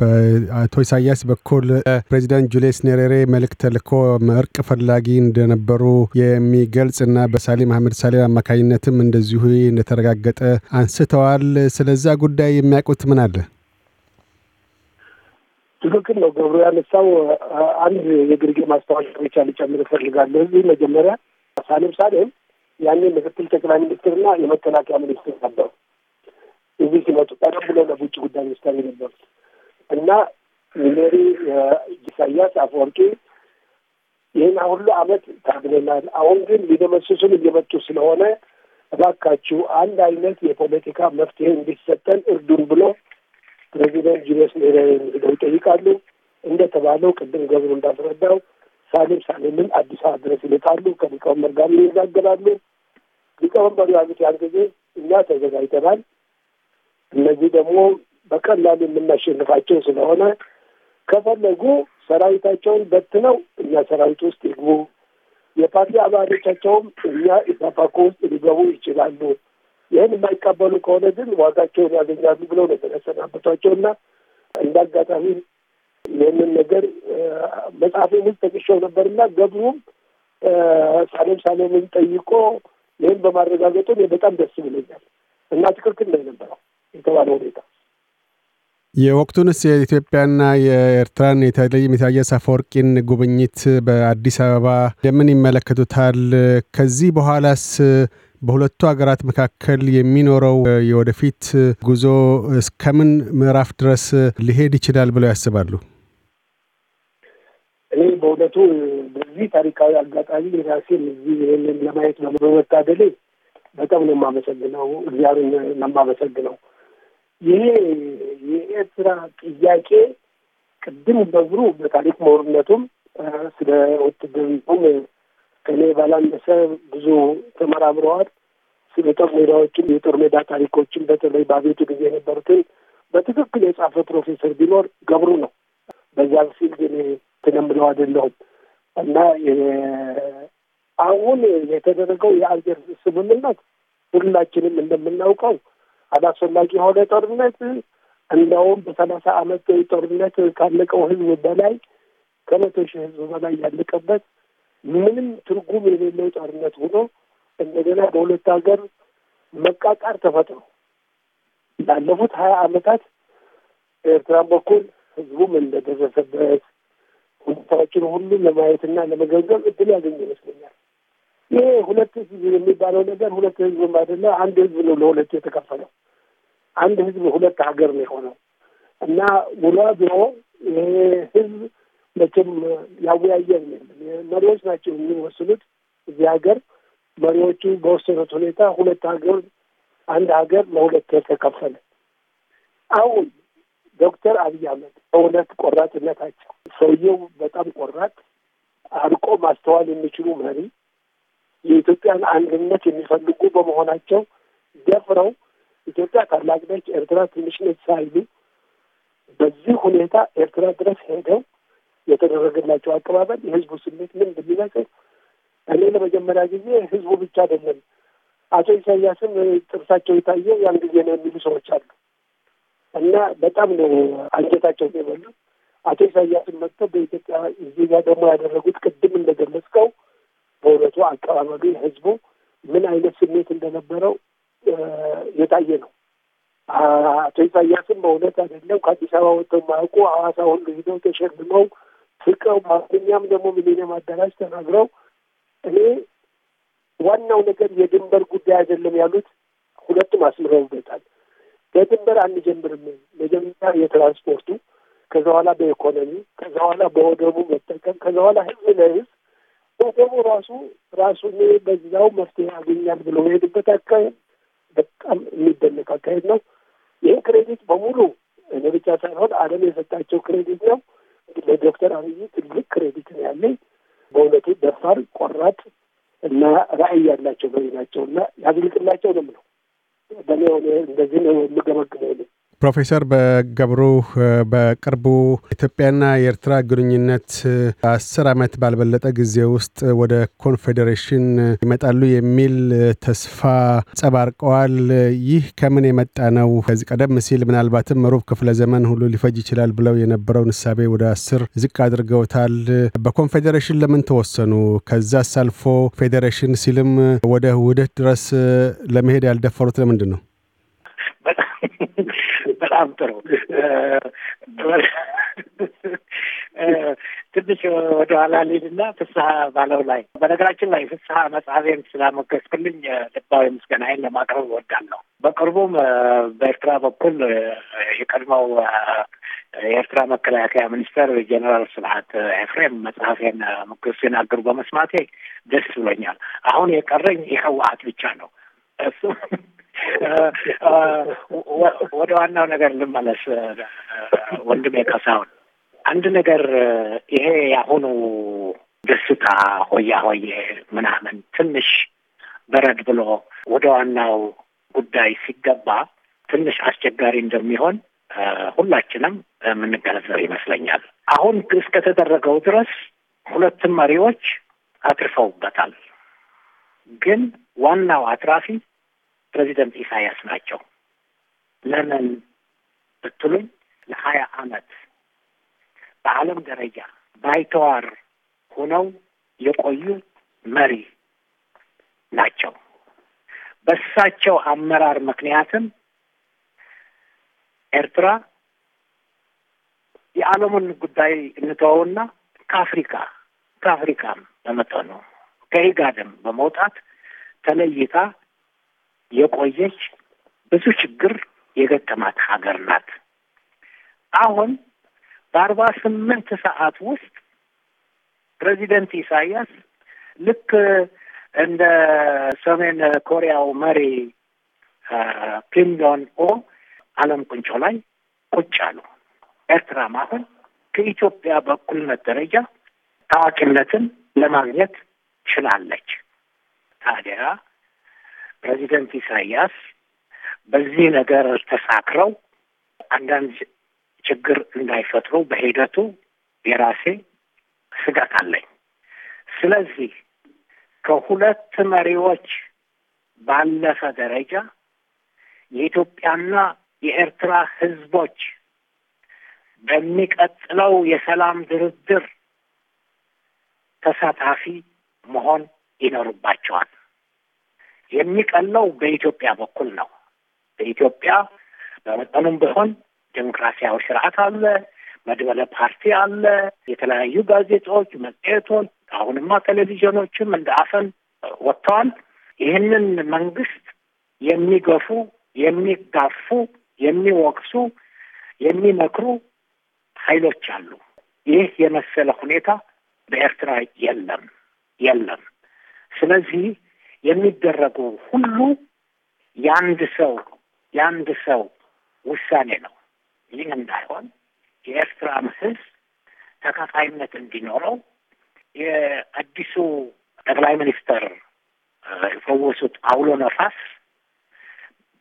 በአቶ ኢሳያስ በኩል ፕሬዚዳንት ጁልየስ ኔሬሬ መልእክት ተልኮ እርቅ ፈላጊ እንደነበሩ የሚገልጽ እና በሳሊም አህመድ ሳሌም አማካኝነትም እንደዚሁ እንደተረጋገጠ አንስተዋል። ስለዛ ጉዳይ የሚያውቁት ምን አለ? ትክክል ነው ገብሩ ያነሳው። አንድ የግርጌ ማስታወሻ ብቻ ልጨምር እፈልጋለሁ። እዚህ መጀመሪያ ሳሌም ሳሌም ያኔ ምክትል ጠቅላይ ሚኒስትርና የመከላከያ ሚኒስትር ነበሩ። እዚህ ሲመጡ ቀደም ብሎ ለውጭ ጉዳይ ሚኒስተር የነበሩት እና ሚሌሪ ኢሳያስ አፈወርቂ ይህን ሁሉ አመት ታግለናል። አሁን ግን ሊደመስሱን እየመጡ ስለሆነ እባካችሁ አንድ አይነት የፖለቲካ መፍትሄ እንዲሰጠን እርዱን ብሎ ፕሬዚደንት ጁልስ ሜሬን ሄደው ይጠይቃሉ። እንደተባለው ቅድም ገብሩ እንዳስረዳው ሳሌም ሳሌምን አዲስ አበባ ድረስ ይልካሉ። ከሊቀመንበር ጋር ይነጋገራሉ። ሊቀመንበሩ ያሉት ያን ጊዜ እኛ ተዘጋጅተናል፣ እነዚህ ደግሞ በቀላሉ የምናሸንፋቸው ስለሆነ ከፈለጉ ሰራዊታቸውን በትነው እኛ ሰራዊት ውስጥ ይግቡ፣ የፓርቲ አባሎቻቸውም እኛ ኢሰፓኮ ውስጥ ሊገቡ ይችላሉ። ይህን የማይቀበሉ ከሆነ ግን ዋጋቸውን ያገኛሉ ብለው ነው የተሰናበቷቸውና እንደ አጋጣሚ ይህንን ነገር መጽሐፌን ውስጥ ጠቅሼው ነበርና ገብሩም ሳሌም ሳሌምን ጠይቆ ይህን በማረጋገጡ በጣም ደስ ብለኛል እና ትክክል ነው የነበረው የተባለ ሁኔታ የወቅቱንስ የኢትዮጵያና የኤርትራን የተለይም ኢሳያስ አፈወርቂን ጉብኝት በአዲስ አበባ ለምን ይመለከቱታል? ከዚህ በኋላስ በሁለቱ ሀገራት መካከል የሚኖረው የወደፊት ጉዞ እስከምን ምዕራፍ ድረስ ሊሄድ ይችላል ብለው ያስባሉ? እኔ በእውነቱ በዚህ ታሪካዊ አጋጣሚ ራሴን እዚህ ይህንን ለማየት በመታደሌ በጣም ነው የማመሰግነው፣ እግዚአብሔር ነው የማመሰግነው። ይሄ የኤርትራ ጥያቄ ቅድም በብሩ በታሪክ መሆንነቱም ስለ ውትድርናውም ከኔ ባላነሰ ብዙ ተመራምረዋል። ስለ ጦር ሜዳዎችን የጦር ሜዳ ታሪኮችን በተለይ በአቤቱ ጊዜ የነበሩትን በትክክል የጻፈ ፕሮፌሰር ቢኖር ገብሩ ነው። በዚያ ፊልድ እኔ እንትንም ብለው አይደለሁም እና አሁን የተደረገው የአልጀር ስምምነት ሁላችንም እንደምናውቀው አላስፈላጊ የሆነ ጦርነት እንደውም በሰላሳ አመት ጦርነት ካለቀው ህዝብ በላይ ከመቶ ሺህ ህዝብ በላይ ያለቀበት ምንም ትርጉም የሌለው ጦርነት ሆኖ እንደገና በሁለት ሀገር መቃቃር ተፈጥሮ ላለፉት ሀያ አመታት ኤርትራን በኩል ህዝቡም እንደደረሰበት ሁኔታዎችን ሁሉ ለማየትና ለመገምገም እድል ያገኝ ይመስለኛል። ይሄ ሁለት ህዝብ የሚባለው ነገር ሁለት ህዝብ አይደለ፣ አንድ ህዝብ ነው ለሁለት የተከፈለው። አንድ ህዝብ ሁለት ሀገር ነው የሆነው እና ውሎ አድሮ ይሄ ህዝብ መቼም ያወያየን የለም። መሪዎች ናቸው የሚወስኑት እዚህ ሀገር መሪዎቹ በወሰኑት ሁኔታ ሁለት ሀገር አንድ ሀገር ለሁለት የተከፈለ አሁን ዶክተር አብይ አህመድ እውነት ቆራጥነታቸው፣ ሰውየው በጣም ቆራጥ አርቆ ማስተዋል የሚችሉ መሪ፣ የኢትዮጵያን አንድነት የሚፈልጉ በመሆናቸው ደፍረው ኢትዮጵያ ታላቅ ነች፣ ኤርትራ ትንሽ ነች ሳይሉ በዚህ ሁኔታ ኤርትራ ድረስ ሄደው የተደረገላቸው አቀባበል የህዝቡ ስሜት ምን እንደሚመስል እኔ ለመጀመሪያ ጊዜ ህዝቡ ብቻ አይደለም አቶ ኢሳያስም ጥርሳቸው የታየው ያን ጊዜ ነው የሚሉ ሰዎች አሉ። እና በጣም ነው አንጀታቸው የበሉ አቶ ኢሳያስን መጥተው በኢትዮጵያ እዚህ ጋር ደግሞ ያደረጉት ቅድም እንደገለጽከው በእውነቱ አቀባበሉ ህዝቡ ምን አይነት ስሜት እንደነበረው የታየ ነው። አቶ ኢሳያስም በእውነት አይደለም ከአዲስ አበባ ወጥተው ማያውቁ ሐዋሳ ሁሉ ሂደው ተሸልመው ፍቀው ማገኛም ደግሞ ሚሊኒየም አዳራሽ ተናግረው እኔ ዋናው ነገር የድንበር ጉዳይ አይደለም ያሉት ሁለቱም አስምረውበታል። በድንበር አንጀምርም። መጀመሪያ የትራንስፖርቱ፣ ከዛ በኋላ በኢኮኖሚ፣ ከዛ በኋላ በወደቡ መጠቀም፣ ከዛ በኋላ ህዝብ ለህዝብ ወደቡ ራሱ ራሱ በዛው መፍትሄ ያገኛል ብሎ የሄዱበት አካሄድ በጣም የሚደነቅ አካሄድ ነው። ይህ ክሬዲት በሙሉ እኔ ብቻ ሳይሆን ዓለም የሰጣቸው ክሬዲት ነው። ለዶክተር አብይ ትልቅ ክሬዲት ነው ያለኝ። በእውነቱ ደፋር፣ ቆራጥ እና ራዕይ ያላቸው መሪ ናቸው እና ያዝልቅላቸው ነው የምለው። በእኔ ሆነ እንደዚህ ነው የምገመግመው። ፕሮፌሰር በገብሩ በቅርቡ ኢትዮጵያና የኤርትራ ግንኙነት አስር ዓመት ባልበለጠ ጊዜ ውስጥ ወደ ኮንፌዴሬሽን ይመጣሉ የሚል ተስፋ ጸባርቀዋል። ይህ ከምን የመጣ ነው? ከዚህ ቀደም ሲል ምናልባትም ሩብ ክፍለ ዘመን ሁሉ ሊፈጅ ይችላል ብለው የነበረውን እሳቤ ወደ አስር ዝቅ አድርገውታል። በኮንፌዴሬሽን ለምን ተወሰኑ? ከዛ አልፎ ፌዴሬሽን ሲልም ወደ ውህደት ድረስ ለመሄድ ያልደፈሩት ለምንድን ነው? በጣም ጥሩ። ትንሽ ወደኋላ ልሂድና ፍስሀ ባለው ላይ በነገራችን ላይ ፍስሀ መጽሐፌን ስላሞገስክልኝ ልባዊ ምስጋናዬን ለማቅረብ እወዳለሁ። በቅርቡም በኤርትራ በኩል የቀድሞው የኤርትራ መከላከያ ሚኒስተር ጀኔራል ስብሀት ኤፍሬም መጽሐፌን ምክር ሲናገሩ በመስማቴ ደስ ብሎኛል። አሁን የቀረኝ የህወሓት ብቻ ነው እሱ ወደ ዋናው ነገር ልመለስ። ወንድሜ ከሳሁን አንድ ነገር ይሄ የአሁኑ ደስታ ሆያ ሆዬ ምናምን ትንሽ በረድ ብሎ ወደ ዋናው ጉዳይ ሲገባ ትንሽ አስቸጋሪ እንደሚሆን ሁላችንም የምንገነዘብ ይመስለኛል። አሁን እስከተደረገው ድረስ ሁለቱም መሪዎች አትርፈውበታል። ግን ዋናው አትራፊ ፕሬዚደንት ኢሳያስ ናቸው። ለምን ብትሉኝ ለሀያ አመት በዓለም ደረጃ ባይተዋር ሆነው የቆዩ መሪ ናቸው። በሳቸው አመራር ምክንያትም ኤርትራ የዓለሙን ጉዳይ እንተወውና ከአፍሪካ ከአፍሪካም በመጠኑ ከኢጋድም በመውጣት ተለይታ የቆየች ብዙ ችግር የገጠማት ሀገር ናት። አሁን በአርባ ስምንት ሰዓት ውስጥ ፕሬዚደንት ኢሳያስ ልክ እንደ ሰሜን ኮሪያው መሪ ኪም ኦ አለም ቁንጮ ላይ ቁጭ አሉ። ኤርትራም አሁን ከኢትዮጵያ በእኩልነት ደረጃ ታዋቂነትን ለማግኘት ችላለች። ታዲያ ፕሬዚደንት ኢሳያስ በዚህ ነገር ተሳክረው አንዳንድ ችግር እንዳይፈጥሩ በሂደቱ የራሴ ስጋት አለኝ። ስለዚህ ከሁለት መሪዎች ባለፈ ደረጃ የኢትዮጵያና የኤርትራ ሕዝቦች በሚቀጥለው የሰላም ድርድር ተሳታፊ መሆን ይኖርባቸዋል። የሚቀለው በኢትዮጵያ በኩል ነው። በኢትዮጵያ በመጠኑም ቢሆን ዴሞክራሲያዊ ስርዓት አለ፣ መድበለ ፓርቲ አለ፣ የተለያዩ ጋዜጦች፣ መጽሔቶች፣ አሁንማ ቴሌቪዥኖችም እንደ አፈን ወጥተዋል። ይህንን መንግስት የሚገፉ የሚጋፉ፣ የሚወቅሱ፣ የሚመክሩ ኃይሎች አሉ። ይህ የመሰለ ሁኔታ በኤርትራ የለም የለም። ስለዚህ የሚደረጉ ሁሉ የአንድ ሰው የአንድ ሰው ውሳኔ ነው። ይህ እንዳይሆን የኤርትራ ሕዝብ ተካፋይነት እንዲኖረው የአዲሱ ጠቅላይ ሚኒስትር የፈወሱት አውሎ ነፋስ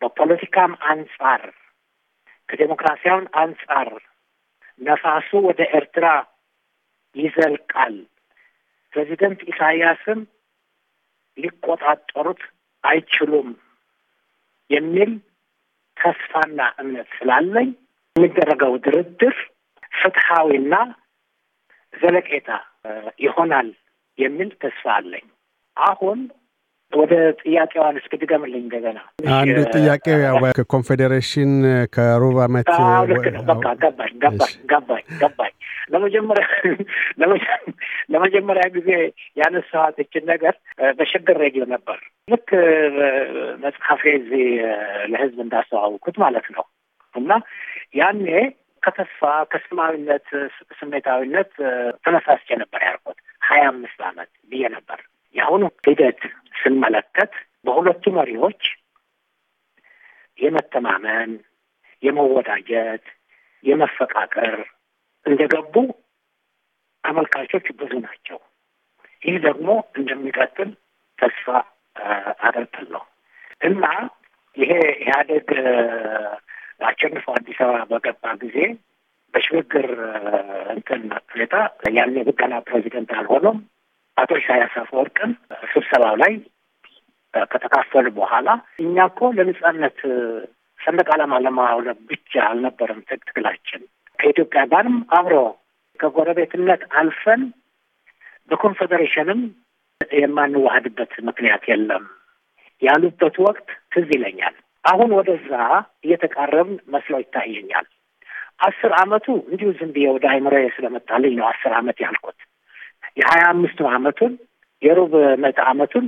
በፖለቲካም አንጻር ከዴሞክራሲያውን አንጻር ነፋሱ ወደ ኤርትራ ይዘልቃል። ፕሬዚደንት ኢሳያስም ሊቆጣጠሩት አይችሉም የሚል ተስፋና እምነት ስላለኝ የሚደረገው ድርድር ፍትሐዊና ዘለቄታ ይሆናል የሚል ተስፋ አለኝ። አሁን ወደ ጥያቄዋን እስክትገምልኝ ገና አንድ ጥያቄ ከኮንፌዴሬሽን ከሩብ ዓመት ልክ ነው። በቃ ገባኝ ገባኝ ገባኝ ገባኝ። ለመጀመሪያ ለመጀመሪያ ጊዜ ያነሳኋት ይችን ነገር በሽግር ሬዲዮ ነበር። ልክ መጽሐፌ እዚህ ለህዝብ እንዳስተዋውኩት ማለት ነው እና ያኔ ከተስፋ ከስማዊነት ስሜታዊነት ተነሳስቼ ነበር ያልኩት ሀያ አምስት አመት ብዬ ነበር የአሁኑ ሂደት ስንመለከት በሁለቱ መሪዎች የመተማመን፣ የመወዳጀት፣ የመፈቃቀር እንደገቡ አመልካቾች ብዙ ናቸው። ይህ ደግሞ እንደሚቀጥል ተስፋ አደርጋለሁ እና ይሄ ኢህአዴግ አሸንፎ አዲስ አበባ በገባ ጊዜ በሽግግር እንትን ሁኔታ ያኔ ብገና ፕሬዚደንት አልሆነም አቶ ኢሳያስ ወርቅን ስብሰባው ላይ ከተካፈሉ በኋላ እኛ እኮ ለነጻነት ሰንደቅ ዓላማ ለማውለብ ብቻ አልነበረም ትግላችን ከኢትዮጵያ ጋርም አብሮ ከጎረቤትነት አልፈን በኮንፌዴሬሽንም የማንዋህድበት ምክንያት የለም ያሉበት ወቅት ትዝ ይለኛል። አሁን ወደዛ እየተቃረብን መስሎ ይታየኛል። አስር አመቱ እንዲሁ ዝም ብዬ ወደ አይምሮ ስለመጣልኝ ነው አስር አመት ያልኩት። የሀያ አምስቱ አመቱን የሩብ ምዕተ አመቱን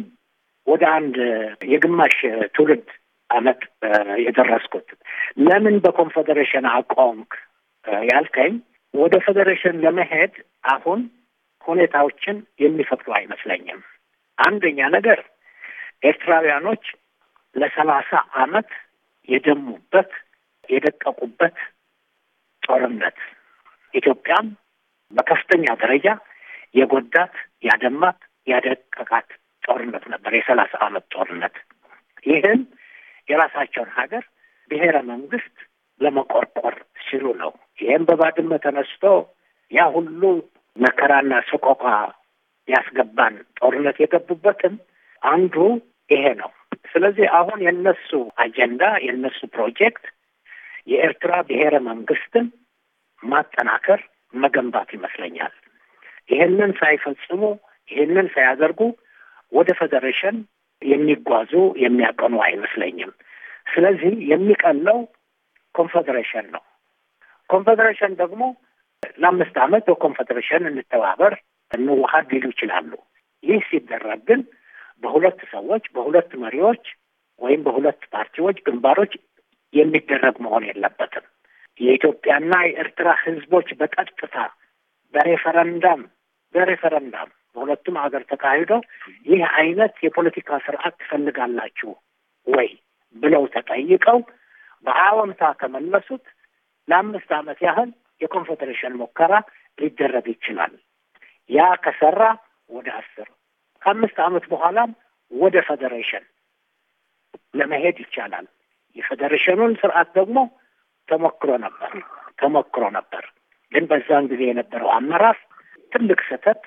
ወደ አንድ የግማሽ ትውልድ አመት የደረስኩት ለምን በኮንፌዴሬሽን አቋምክ ያልከኝ ወደ ፌዴሬሽን ለመሄድ አሁን ሁኔታዎችን የሚፈቅዱ አይመስለኝም። አንደኛ ነገር ኤርትራውያኖች ለሰላሳ አመት የደሙበት የደቀቁበት ጦርነት ኢትዮጵያም በከፍተኛ ደረጃ የጎዳት ያደማት ያደቀቃት ጦርነት ነበር፣ የሰላሳ ዓመት ጦርነት። ይህም የራሳቸውን ሀገር ብሔረ መንግስት ለመቆርቆር ሲሉ ነው። ይህም በባድመ ተነስቶ ያ ሁሉ መከራና ሰቆቃ ያስገባን ጦርነት የገቡበትም አንዱ ይሄ ነው። ስለዚህ አሁን የነሱ አጀንዳ የነሱ ፕሮጀክት የኤርትራ ብሔረ መንግስትን ማጠናከር መገንባት ይመስለኛል። ይሄንን ሳይፈጽሙ ይሄንን ሳያደርጉ ወደ ፌዴሬሽን የሚጓዙ የሚያቀኑ አይመስለኝም። ስለዚህ የሚቀለው ኮንፌዴሬሽን ነው። ኮንፌዴሬሽን ደግሞ ለአምስት ዓመት በኮንፌዴሬሽን እንተባበር እንዋሀድ ሊሉ ይችላሉ። ይህ ሲደረግ ግን በሁለት ሰዎች በሁለት መሪዎች ወይም በሁለት ፓርቲዎች ግንባሮች የሚደረግ መሆን የለበትም። የኢትዮጵያና የኤርትራ ሕዝቦች በቀጥታ በሬፈረንዳም በሬፈረንዳም በሁለቱም ሀገር ተካሂዶ ይህ አይነት የፖለቲካ ስርዓት ትፈልጋላችሁ ወይ ብለው ተጠይቀው በአዎንታ ከመለሱት ለአምስት ዓመት ያህል የኮንፌዴሬሽን ሙከራ ሊደረግ ይችላል። ያ ከሰራ ወደ አስር ከአምስት ዓመት በኋላም ወደ ፌዴሬሽን ለመሄድ ይቻላል። የፌዴሬሽኑን ስርዓት ደግሞ ተሞክሮ ነበር ተሞክሮ ነበር፣ ግን በዛን ጊዜ የነበረው አመራር ትልቅ ስህተት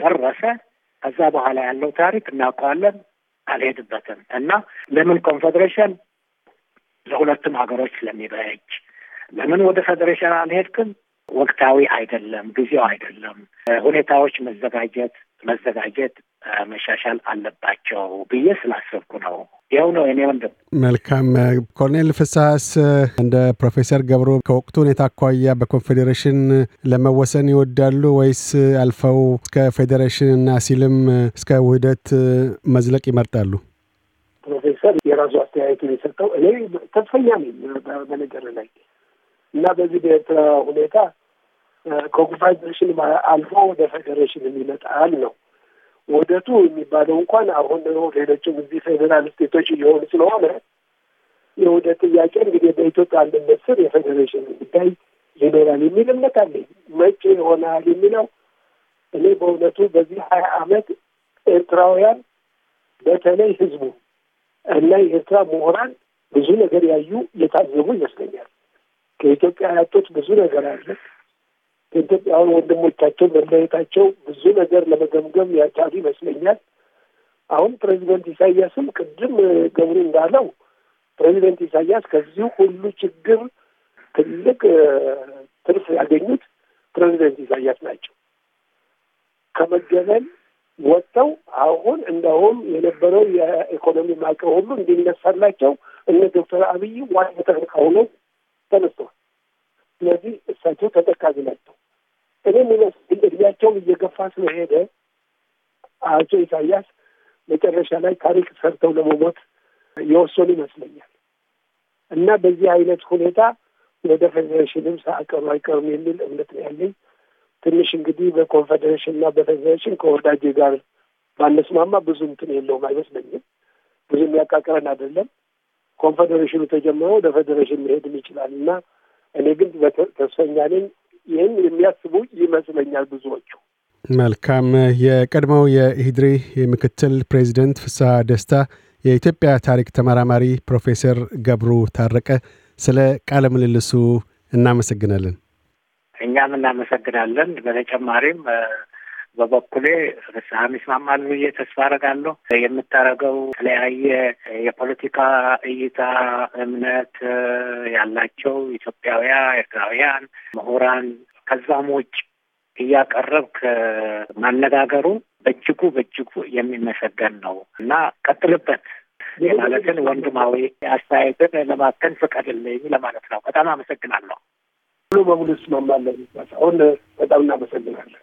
ፈረሰ። ከዛ በኋላ ያለው ታሪክ እናውቀዋለን። አልሄድበትም እና ለምን ኮንፌዴሬሽን ለሁለቱም ሀገሮች ስለሚበጅ ለምን ወደ ፌዴሬሽን አልሄድክም? ወቅታዊ አይደለም፣ ጊዜው አይደለም። ሁኔታዎች መዘጋጀት መዘጋጀት መሻሻል አለባቸው ብዬ ስላሰብኩ ነው። ያው ነው እኔ ወንድም። መልካም ኮርኔል ፍሳስ እንደ ፕሮፌሰር ገብሩ ከወቅቱ ሁኔታ አኳያ በኮንፌዴሬሽን ለመወሰን ይወዳሉ ወይስ አልፈው እስከ ፌዴሬሽን እና ሲልም እስከ ውህደት መዝለቅ ይመርጣሉ? ፕሮፌሰር የራሱ አስተያየቱን የሰጠው እኔ ተስፈኛ ነኝ በነገር ላይ እና በዚህ ሁኔታ ከኦኩፓይዜሽን አልፎ ወደ ፌዴሬሽን የሚመጣል ነው ወደቱ የሚባለው እንኳን አሁን ሌሎችም እዚህ ፌዴራል ስቴቶች እየሆኑ ስለሆነ የውህደት ጥያቄ እንግዲህ በኢትዮጵያ አንድነት ስር የፌዴሬሽን ጉዳይ ይኖራል የሚል እምነት አለኝ። መቼ ይሆናል የሚለው እኔ በእውነቱ በዚህ ሀያ ዓመት ኤርትራውያን በተለይ ህዝቡ እና የኤርትራ ምሁራን ብዙ ነገር ያዩ የታዘቡ ይመስለኛል። ከኢትዮጵያ ያጡት ብዙ ነገር አለ። ከኢትዮጵያውያን ወንድሞቻቸው መለየታቸው ብዙ ነገር ለመገምገም ያቻሉ ይመስለኛል። አሁን ፕሬዚደንት ኢሳያስም ቅድም ገብሩ እንዳለው ፕሬዚደንት ኢሳያስ ከዚህ ሁሉ ችግር ትልቅ ትርፍ ያገኙት ፕሬዚደንት ኢሳያስ ናቸው። ከመገለል ወጥተው አሁን እንደውም የነበረው የኢኮኖሚ ማዕቀብ ሁሉ እንዲነሳላቸው እነ ዶክተር አብይ ዋና ተጠንቀው ተነስተዋል። ስለዚህ እሳቸው ተጠቃሚ ናቸው። እኔም እድሜያቸውም እየገፋ ስለሄደ አቶ ኢሳያስ መጨረሻ ላይ ታሪክ ሰርተው ለመሞት የወሰኑ ይመስለኛል እና በዚህ አይነት ሁኔታ ወደ ፌዴሬሽንም ሳያቀሩ አይቀሩም የሚል እምነት ነው ያለኝ። ትንሽ እንግዲህ በኮንፌዴሬሽን እና በፌዴሬሽን ከወዳጄ ጋር ባነስማማ ብዙ እንትን የለውም አይመስለኝም። ብዙ የሚያቃቅረን አይደለም። ኮንፌዴሬሽኑ ተጀምሮ ወደ ፌዴሬሽን መሄድም ይችላል እና እኔ ግን ተስፈኛ ነኝ። ይህን የሚያስቡ ይመስለኛል ብዙዎቹ። መልካም። የቀድሞው የኢህድሪ ምክትል ፕሬዚደንት ፍስሐ ደስታ፣ የኢትዮጵያ ታሪክ ተመራማሪ ፕሮፌሰር ገብሩ ታረቀ ስለ ቃለ ምልልሱ እናመሰግናለን። እኛም እናመሰግናለን። በተጨማሪም በበኩሌ ፍስሀም ይስማማል ብዬ ተስፋ አደርጋለሁ። የምታደርገው የተለያየ የፖለቲካ እይታ እምነት ያላቸው ኢትዮጵያውያን፣ ኤርትራውያን፣ ምሁራን ከዛም ውጭ እያቀረብክ ማነጋገሩ በእጅጉ በእጅጉ የሚመሰገን ነው እና ቀጥልበት የማለትን ወንድማዊ አስተያየትን ለማከል ፍቀድልኝ ለማለት ነው። በጣም አመሰግናለሁ። ሙሉ በሙሉ እስማማለሁ። አሁን በጣም እናመሰግናለን።